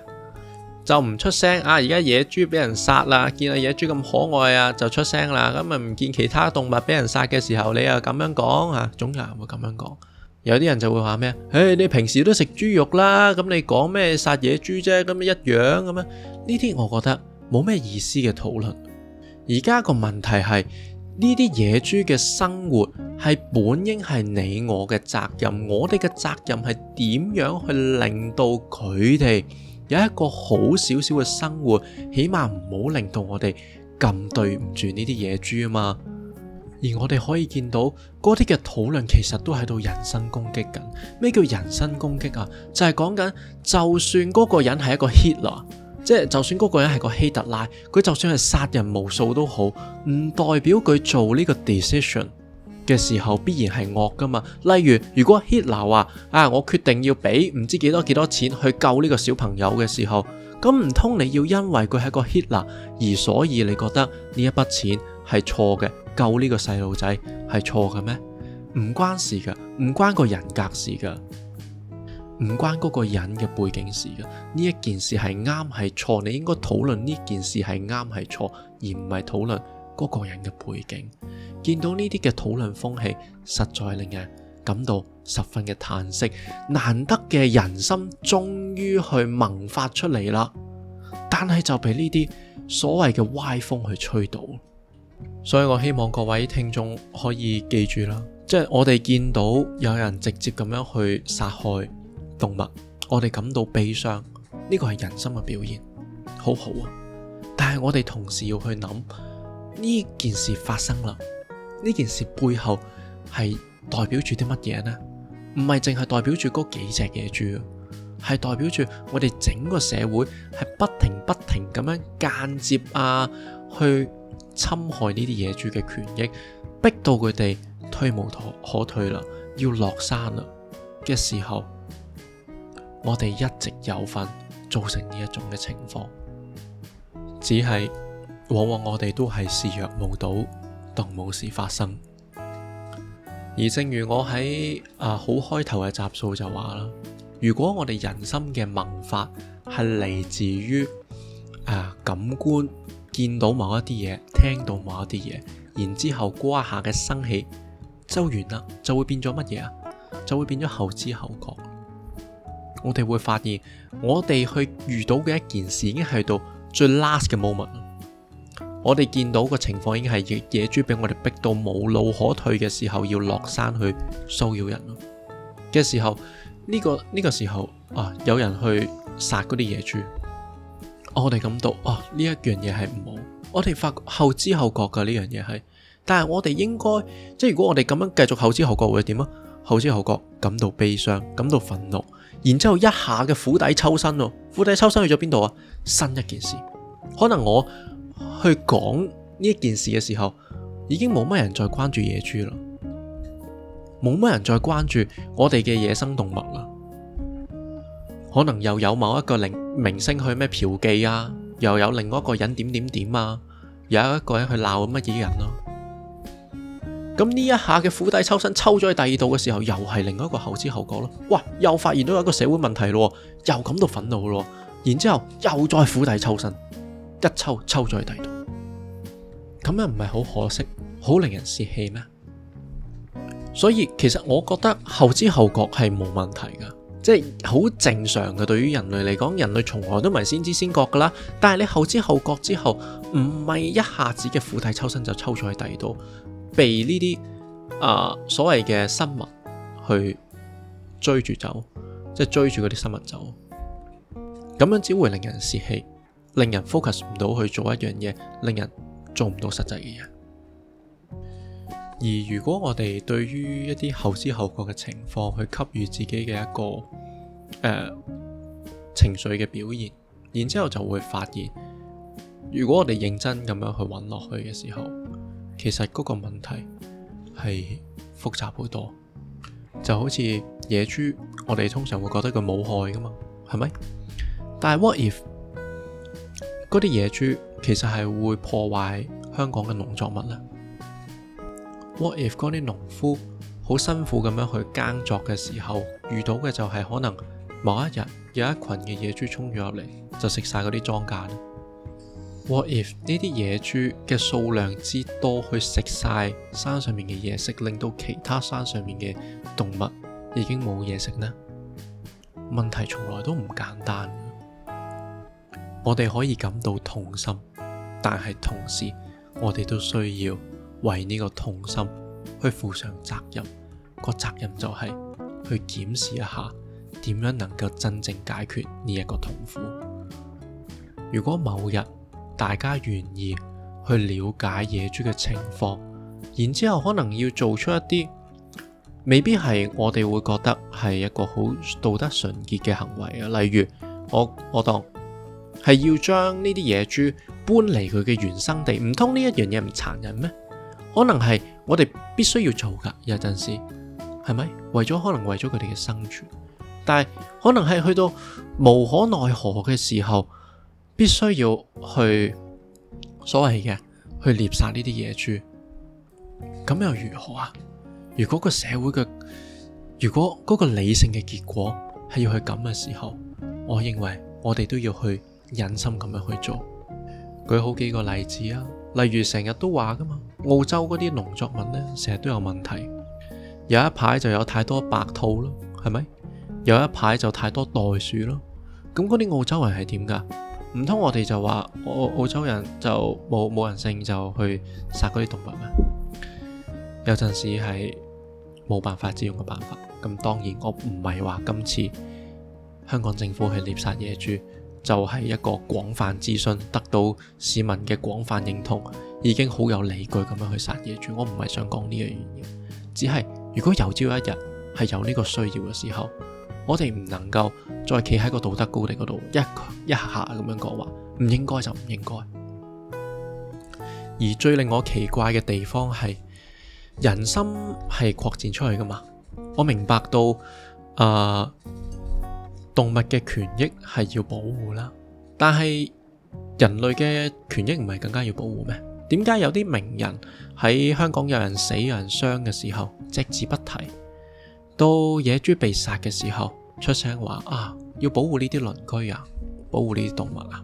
就唔出聲啊！而家野豬俾人殺啦，見到野豬咁可愛啊，就出聲啦。咁啊唔見其他動物俾人殺嘅時候，你又咁樣講啊？總有人會咁樣講，有啲人就會話咩啊？唉，你平時都食豬肉啦，咁你講咩殺野豬啫？咁一樣咁啊？呢啲我覺得冇咩意思嘅討論。而家個問題係呢啲野豬嘅生活係本應係你我嘅責任，我哋嘅責任係點樣去令到佢哋？有一個好少少嘅生活，起碼唔好令到我哋咁對唔住呢啲野豬啊嘛。而我哋可以見到嗰啲嘅討論，其實都喺度人身攻擊緊。咩叫人身攻擊啊？就係講緊，就算嗰個人係一個 Hitler，即係就算嗰個人係個希特拉，佢就算係殺人無數都好，唔代表佢做呢個 decision。嘅時候必然係惡噶嘛？例如如果 Hitler 話啊，我決定要俾唔知幾多幾多錢去救呢個小朋友嘅時候，咁唔通你要因為佢係個 Hitler 而所以你覺得呢一筆錢係錯嘅，救呢個細路仔係錯嘅咩？唔關事噶，唔關個人格事噶，唔關嗰個人嘅背景事噶。呢一件事係啱係錯，你應該討論呢件事係啱係錯，而唔係討論嗰個人嘅背景。見到呢啲嘅討論風氣，實在令人感到十分嘅嘆息。難得嘅人心終於去萌發出嚟啦，但係就被呢啲所謂嘅歪風去吹到。所以我希望各位聽眾可以記住啦，即係我哋見到有人直接咁樣去殺害動物，我哋感到悲傷。呢個係人心嘅表現，好好啊。但係我哋同時要去諗呢件事發生啦。呢件事背後係代表住啲乜嘢呢？唔係淨係代表住嗰幾隻野豬，係代表住我哋整個社會係不停不停咁樣間接啊，去侵害呢啲野豬嘅權益，逼到佢哋退無可退啦，要落山啦嘅時候，我哋一直有份造成呢一種嘅情況，只係往往我哋都係視若無睹。當冇事發生，而正如我喺啊好開頭嘅集數就話啦，如果我哋人心嘅萌發係嚟自於啊感官見到某一啲嘢，聽到某一啲嘢，然之後瓜下嘅生起，周完啦，就會變咗乜嘢啊？就會變咗後知後覺。我哋會發現，我哋去遇到嘅一件事已經去到最 last 嘅 moment。我哋見到個情況已經係野豬俾我哋逼到冇路可退嘅時候，要落山去騷擾人咯。嘅時候呢個呢個時候啊，有人去殺嗰啲野豬，我哋感到啊呢一樣嘢係唔好。我哋發後知後覺噶呢樣嘢係，但係我哋應該即係如果我哋咁樣繼續後知後覺會點啊？後知後覺感到悲傷，感到憤怒，然之後一下嘅釜底抽薪咯，釜底抽薪去咗邊度啊？新一件事，可能我。去講呢件事嘅時候，已經冇乜人再關注野豬啦，冇乜人再關注我哋嘅野生動物啦。可能又有某一個明星去咩嫖妓啊，又有另外一個人點點點啊，又有一個人去鬧乜嘢人咯啊。咁呢一下嘅釜底抽薪抽咗去第二度嘅時候，又係另外一個後知後覺咯。哇，又發現到一個社會問題咯，又感到憤怒咯，然之後又再釜底抽薪。一抽抽咗去第二度，咁樣唔係好可惜，好令人泄氣咩？所以其實我覺得後知後覺係冇問題噶，即係好正常嘅。對於人類嚟講，人類從來都唔係先知先覺噶啦。但係你後知後覺之後，唔係一下子嘅腐體抽身就抽咗去第二度，被呢啲啊所謂嘅生物去追住走，即係追住嗰啲生物走，咁樣只會令人泄氣。令人 focus 唔到去做一樣嘢，令人做唔到實際嘅嘢。而如果我哋對於一啲後知後覺嘅情況，去給予自己嘅一個誒、呃、情緒嘅表現，然之後就會發現，如果我哋認真咁樣去搵落去嘅時候，其實嗰個問題係複雜好多。就好似野豬，我哋通常會覺得佢冇害噶嘛，係咪？但係 what if？嗰啲野豬其實係會破壞香港嘅農作物呢？What if 嗰啲農夫好辛苦咁樣去耕作嘅時候，遇到嘅就係可能某一日有一群嘅野豬衝咗入嚟，就食晒嗰啲莊稼。What if 呢啲野豬嘅數量之多，去食晒山上面嘅嘢食，令到其他山上面嘅動物已經冇嘢食呢？問題從來都唔簡單。我哋可以感到痛心，但係同時我哋都需要為呢個痛心去負上責任。個責任就係去檢視一下點樣能夠真正解決呢一個痛苦。如果某日大家願意去了解野豬嘅情況，然之後可能要做出一啲未必係我哋會覺得係一個好道德純潔嘅行為啊，例如我，我當。係要將呢啲野豬搬離佢嘅原生地，唔通呢一樣嘢唔殘忍咩？可能係我哋必須要做噶，有陣時係咪？為咗可能為咗佢哋嘅生存，但係可能係去到無可奈何嘅時候，必須要去所謂嘅去獵殺呢啲野豬，咁又如何啊？如果個社會嘅，如果嗰個理性嘅結果係要去咁嘅時候，我認為我哋都要去。忍心咁樣去做，舉好幾個例子啊，例如成日都話噶嘛，澳洲嗰啲農作物呢，成日都有問題，有一排就有太多白兔咯，係咪？有一排就太多袋鼠咯，咁嗰啲澳洲人係點噶？唔通我哋就話，澳澳洲人就冇冇人性就去殺嗰啲動物咩？有陣時係冇辦法只用嘅辦法，咁當然我唔係話今次香港政府去獵殺野豬。就係一個廣泛諮詢，得到市民嘅廣泛認同，已經好有理據咁樣去殺野豬。我唔係想講呢樣嘢，只係如果有朝一日係有呢個需要嘅時候，我哋唔能夠再企喺個道德高地嗰度，一個一下下咁樣講話唔應該就唔應該。而最令我奇怪嘅地方係人心係擴展出去噶嘛？我明白到啊。呃動物嘅權益係要保護啦，但係人類嘅權益唔係更加要保護咩？點解有啲名人喺香港有人死有人傷嘅時候，隻字不提，到野豬被殺嘅時候，出聲話啊要保護呢啲鄰居啊，保護呢啲動物啊，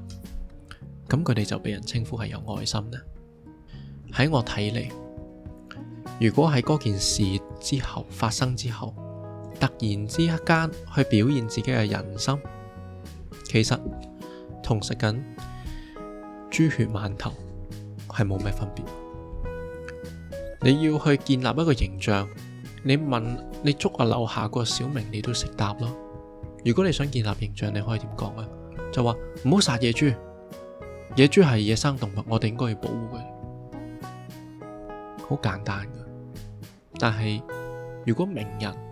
咁佢哋就被人稱呼係有愛心呢。喺我睇嚟，如果喺嗰件事之後發生之後。突然之間去表現自己嘅人心，其實同食緊豬血饅頭係冇咩分別。你要去建立一個形象，你問你捉阿樓下個小明，你都識答咯。如果你想建立形象，你可以點講咧？就話唔好殺野豬，野豬係野生動物，我哋應該要保護佢。好簡單㗎，但係如果名人。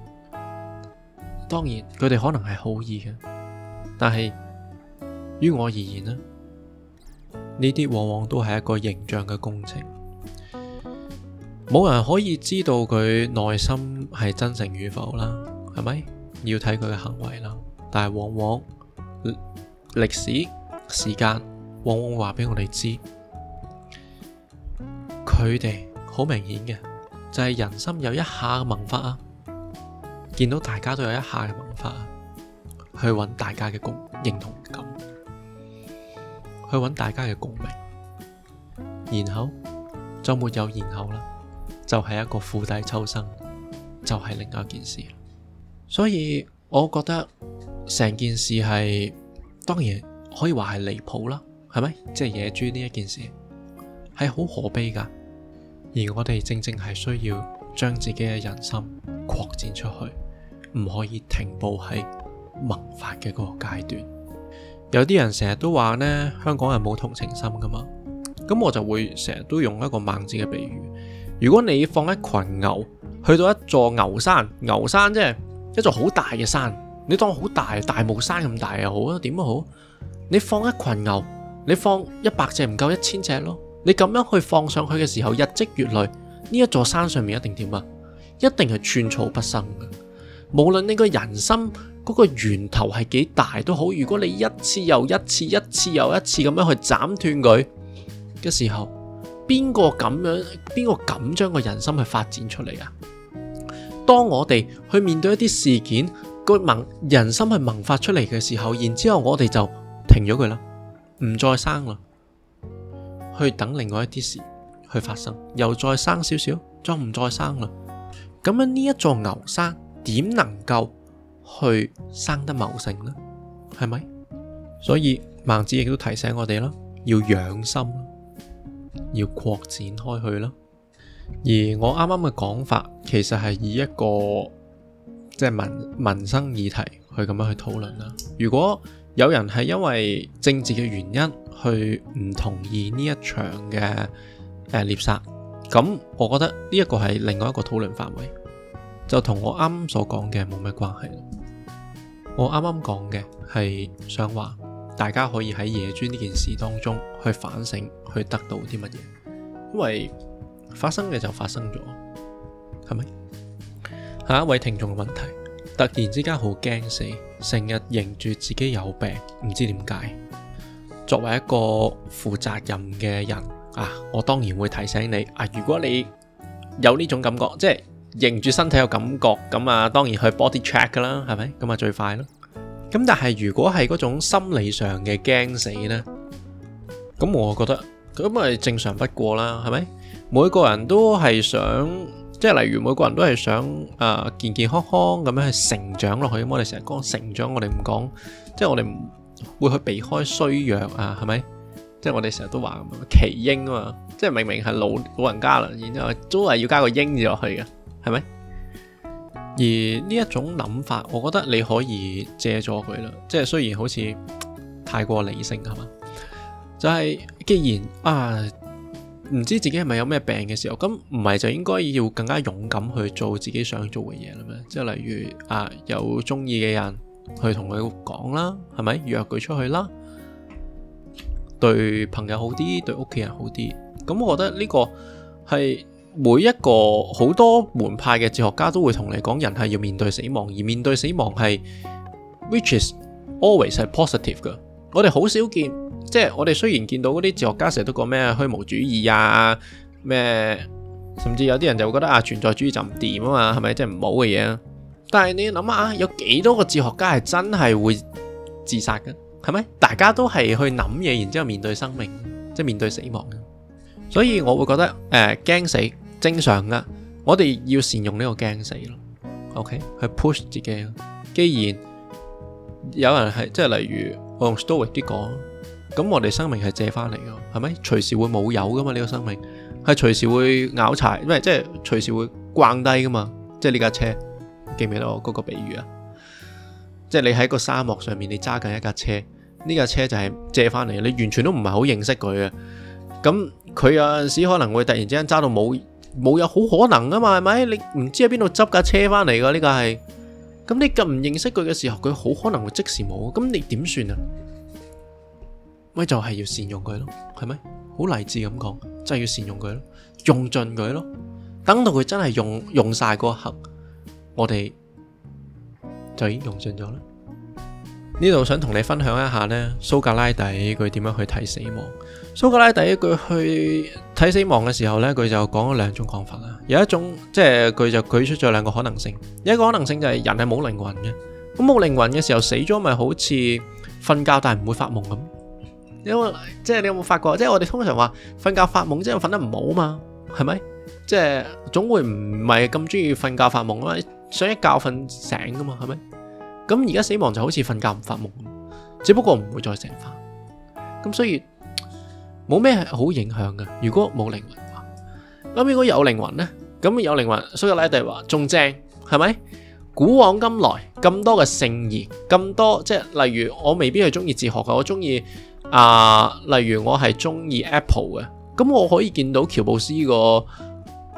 當然，佢哋可能係好意嘅，但係於我而言咧，呢啲往往都係一個形象嘅工程，冇人可以知道佢內心係真誠與否啦，係咪？要睇佢嘅行為啦，但係往往歷史時間往往話俾我哋知，佢哋好明顯嘅就係、是、人心有一下嘅萌發啊！見到大家都有一下嘅文化，去搵大家嘅共認同感，去搵大家嘅共鳴，然後就沒有然後啦，就係、是、一個釜底抽薪，就係、是、另外一件事。所以我覺得成件事係，當然可以話係離譜啦，係咪？即、就、係、是、野豬呢一件事係好可悲㗎，而我哋正正係需要將自己嘅人心擴展出去。唔可以停步喺萌發嘅個階段。有啲人成日都話呢，香港係冇同情心噶嘛？咁我就會成日都用一個孟子嘅比喻，如果你放一群牛去到一座牛山，牛山即係一座好大嘅山，你當大大大好大大霧山咁大又好啊，點都好。你放一群牛，你放一百隻唔夠一千隻咯。你咁樣去放上去嘅時候，日積月累，呢一座山上面一定點啊？一定係寸草不生無論你個人心嗰個源頭係幾大都好，如果你一次又一次、一次又一次咁樣去斬斷佢嘅時候，邊個咁樣？邊個敢將個人心去發展出嚟啊？當我哋去面對一啲事件，個萌人心去萌發出嚟嘅時候，然之後我哋就停咗佢啦，唔再生啦，去等另外一啲事去發生，又再生少少，再唔再生啦？咁樣呢一座牛山。點能夠去生得茂盛呢？係咪？所以孟子亦都提醒我哋啦，要養心，要擴展開去啦。而我啱啱嘅講法，其實係以一個即係民民生議題去咁樣去討論啦。如果有人係因為政治嘅原因去唔同意呢一場嘅誒獵殺，咁我覺得呢一個係另外一個討論範圍。就同我啱啱所講嘅冇咩關係。我啱啱講嘅係想話，大家可以喺野豬呢件事當中去反省，去得到啲乜嘢。因為發生嘅就發生咗，係咪？下一位聽眾嘅問題，突然之間好驚死，成日認住自己有病，唔知點解。作為一個負責任嘅人啊，我當然會提醒你啊，如果你有呢種感覺，即係。認住身體有感覺，咁啊，當然去 body check 噶啦，係咪？咁啊最快咯。咁但係如果係嗰種心理上嘅驚死呢，咁我覺得咁咪正常不過啦，係咪？每個人都係想，即係例如每個人都係想啊健健康康咁樣去成長落去。咁我哋成日講成長，我哋唔講，即係我哋唔會去避開衰弱啊，係咪？即係我哋成日都話耆英啊嘛，即係明明係老老人家啦，然之後都係要加個英字落去嘅。係咪？而呢一種諗法，我覺得你可以借咗佢啦，即係雖然好似太過理性，係嘛？就係既然啊，唔知自己係咪有咩病嘅時候，咁唔係就應該要更加勇敢去做自己想做嘅嘢啦咩？即係例如啊，有中意嘅人去，去同佢講啦，係咪約佢出去啦？對朋友好啲，對屋企人好啲，咁我覺得呢個係。每一個好多門派嘅哲學家都會同你講，人係要面對死亡，而面對死亡係，which is always positive 噶。我哋好少見，即係我哋雖然見到嗰啲哲學家成日都講咩虛無主義啊，咩，甚至有啲人就會覺得啊存在主義就唔掂啊嘛，係咪即係唔好嘅嘢啊？但係你諗下，有幾多個哲學家係真係會自殺嘅？係咪大家都係去諗嘢，然之後面對生命，即係面對死亡？所以我會覺得誒驚死。正常噶，我哋要善用呢個驚死咯，OK？去 push 自己。既然有人係即係，例如我用 story 啲講，咁我哋生命係借翻嚟噶，係咪？隨時會冇油噶嘛？呢、這個生命係隨時會拗柴，因為即係隨時會掛低噶嘛。即係呢架車，記唔記得我嗰個比喻啊？即係你喺個沙漠上面，你揸緊一架車，呢架車就係借翻嚟，你完全都唔係好認識佢嘅。咁佢有陣時可能會突然之間揸到冇。冇有好可能啊嘛，係咪？你唔知喺邊度執架車翻嚟噶？呢個係，咁你咁唔認識佢嘅時候，佢好可能會即時冇，咁你點算啊？咪就係要善用佢咯，係咪？好勵志咁講，真係要善用佢咯，用盡佢咯，等到佢真係用用晒嗰刻，我哋就已經用盡咗啦。呢度想同你分享一下咧，蘇格拉底佢點樣去睇死亡。蘇格拉底佢去睇死亡嘅時候咧，佢就講咗兩種講法啦。有一種即係佢就舉出咗兩個可能性，有一個可能性就係人係冇靈魂嘅。咁冇靈魂嘅時候死咗咪好似瞓覺但係唔會發夢咁。有冇即係你有冇發覺？即係我哋通常話瞓覺發夢即係瞓得唔好啊嘛，係咪？即係總會唔係咁中意瞓覺發夢啊嘛，想一覺瞓醒噶嘛，係咪？咁而家死亡就好似瞓覺唔發夢，只不過唔會再醒翻。咁所以冇咩好影響㗎。如果冇靈魂話。咁如果有靈魂呢？咁有靈魂，所以你哋話仲正係咪？古往今來咁多嘅聖賢，咁多即係例如，我未必係中意哲學噶，我中意啊，例如我係中意 Apple 嘅，咁我可以見到喬布斯呢、這個。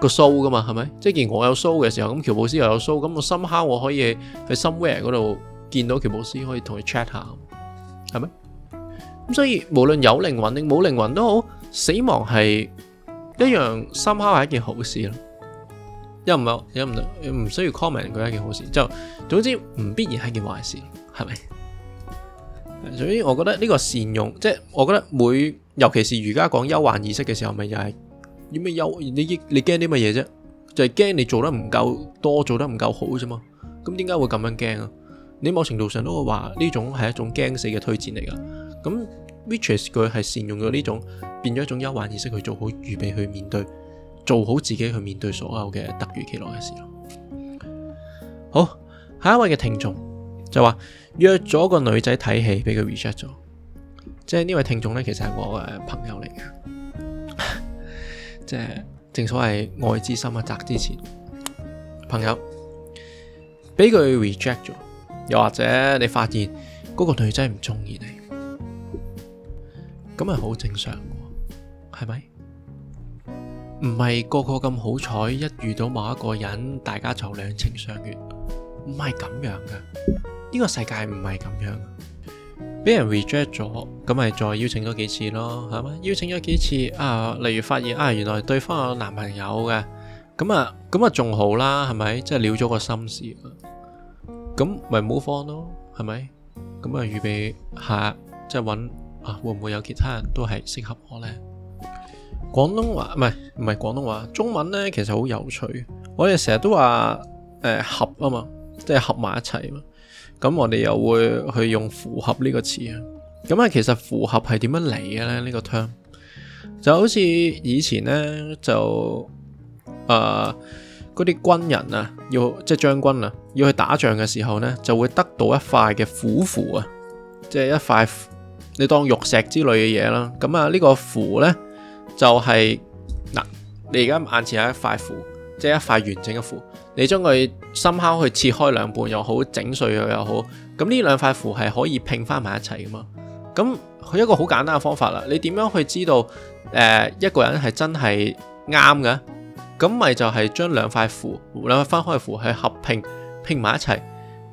個 show 噶嘛，係咪？即係既然我有 show 嘅時候，咁喬布斯又有 show，咁我深刻我可以喺 somewhere 嗰度見到喬布斯，可以同佢 chat 下，係咪？咁所以無論有靈魂定冇靈魂都好，死亡係一樣深刻係一件好事啦。又唔係又唔唔需要 comment 佢係一件好事，就總之唔必然係件壞事，係咪？所以我覺得呢個善用，即係我覺得每尤其是儒家講憂患意識嘅時候，咪又係。有咩憂？你驚你驚啲乜嘢啫？就係驚你做得唔夠多，做得唔夠好啫嘛。咁點解會咁樣驚啊？你某程度上都會話呢種係一種驚死嘅推薦嚟噶。咁 Richard 佢係善用咗呢種變咗一種憂患意識去做好預備去面對，做好自己去面對所有嘅突如其來嘅事。好，下一位嘅聽眾就話約咗個女仔睇戲，俾佢 reject 咗。即係呢位聽眾咧，其實係我嘅朋友嚟嘅。即係正所謂愛之深啊，責之切，朋友俾佢 reject 咗，又或者你發現嗰個女仔唔中意你，咁係好正常嘅，係咪？唔係個個咁好彩，一遇到某一個人，大家就兩情相悅，唔係咁樣嘅。呢、呢個世界唔係咁樣的。俾人 reject 咗，咁咪再邀請多幾次咯，係嘛？邀請咗幾次啊？例如發現啊，原來對方有男朋友嘅，咁啊，咁啊仲好啦，係咪？即係了咗個心事了，咁咪唔好放咯，係咪？咁啊，預備下，即係揾，啊，會唔會有其他人都係適合我咧？廣東話唔係唔係廣東話，中文咧其實好有趣，我哋成日都話誒、呃、合啊嘛，即係合埋一齊嘛。咁我哋又會去用符合呢個詞啊，咁啊其實符合係點樣嚟嘅咧？呢個 term 就好似以前咧就誒嗰啲軍人啊，要即係將軍啊，要去打仗嘅時候咧，就會得到一塊嘅符符啊，即係一塊你當玉石之類嘅嘢啦。咁啊呢個符咧就係嗱，你而家眼前係一塊符。即係一塊完整嘅符，你將佢深敲去切開兩半又好，整碎佢又好，咁呢兩塊符係可以拼翻埋一齊㗎嘛？咁佢一個好簡單嘅方法啦。你點樣去知道？誒、呃，一個人係真係啱嘅？咁咪就係將兩塊符、兩塊分開符去合拼，拼埋一齊。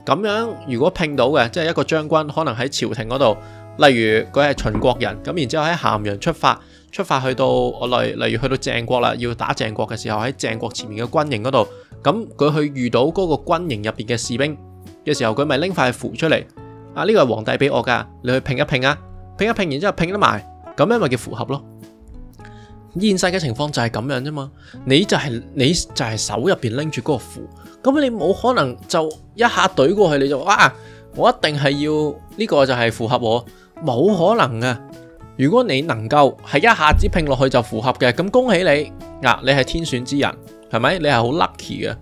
咁樣如果拼到嘅，即係一個將軍可能喺朝廷嗰度，例如佢係秦國人，咁然之後喺咸陽出發。出發去到，例、例如去到鄭國啦，要打鄭國嘅時候，喺鄭國前面嘅軍營嗰度，咁佢去遇到嗰個軍營入邊嘅士兵嘅時候，佢咪拎塊符出嚟，啊，呢個係皇帝俾我噶，你去拼一拼啊，拼一拼，然之後拼得埋，咁樣咪叫符合咯。現世嘅情況就係咁樣啫嘛，你就係你就係手入邊拎住嗰個符，咁你冇可能就一下懟過去，你就哇，我一定係要呢個就係符合我，冇可能噶。如果你能夠係一下子拼落去就符合嘅，咁恭喜你，啊，你係天選之人，係咪？你係好 lucky 嘅。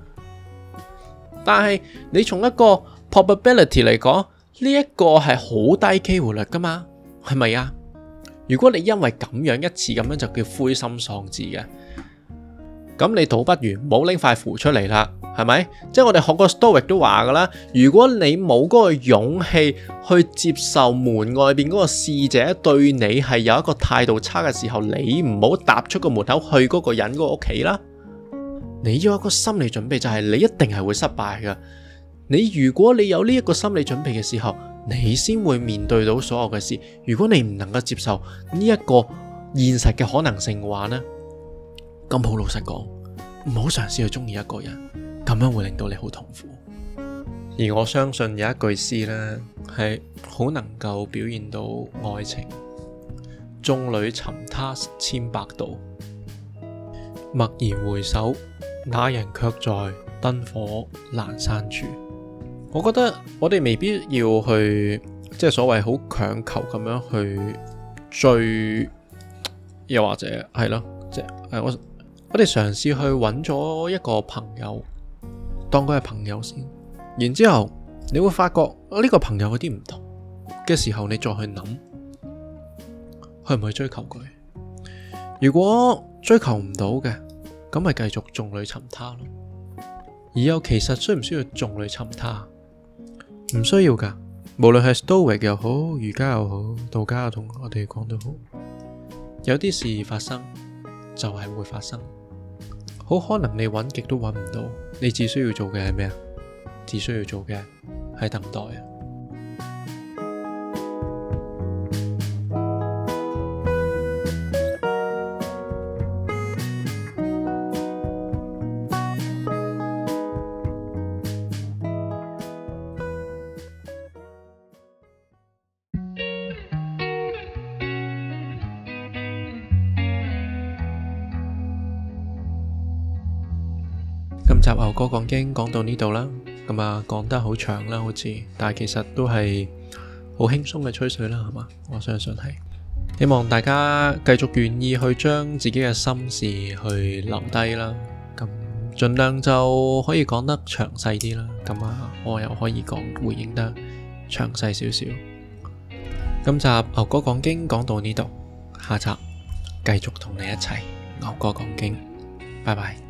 但係你從一個 probability 嚟講，呢一個係好低機會率噶嘛，係咪啊？如果你因為咁樣一次咁樣就叫灰心喪志嘅。咁你倒不如唔好拎塊符出嚟啦，係咪？即係我哋學過 Stoic 都話噶啦，如果你冇嗰個勇氣去接受門外邊嗰個侍者對你係有一個態度差嘅時候，你唔好踏出個門口去嗰個人嗰個屋企啦。你要有一個心理準備就係你一定係會失敗㗎。你如果你有呢一個心理準備嘅時候，你先會面對到所有嘅事。如果你唔能夠接受呢一個現實嘅可能性嘅話呢？咁好老實講，唔好嘗試去鍾意一個人，咁樣會令到你好痛苦。而我相信有一句詩呢，係好能夠表現到愛情。眾裏尋他千百度，驀然回首，那人卻在燈火闌珊處。我覺得我哋未必要去，即係所謂好強求咁樣去追，又或者係咯，即係我。我哋嘗試去揾咗一個朋友，當佢係朋友先，然之後你會發覺呢、啊，這個朋友有啲唔同嘅時候，你再去諗，去唔去追求佢？如果追求唔到嘅，咁咪繼續眾裏尋他咯。而又其實需唔需要眾裏尋他？唔需要噶，無論係 story 又好，儒家又好，道家又同我哋講都好，好有啲事發生就係、是、會發生。好可能你揾極都揾唔到，你只需要做嘅係咩啊？只需要做嘅係等待。集牛哥講經講到呢度啦，咁啊講得好長啦，好似，但係其實都係好輕鬆嘅吹水啦，係咪？我相信係，希望大家繼續願意去將自己嘅心事去留低啦，咁盡量就可以講得詳細啲啦，咁啊我又可以講回應得詳細少少。今集牛哥講經講到呢度，下集繼續同你一齊牛哥講經，拜拜。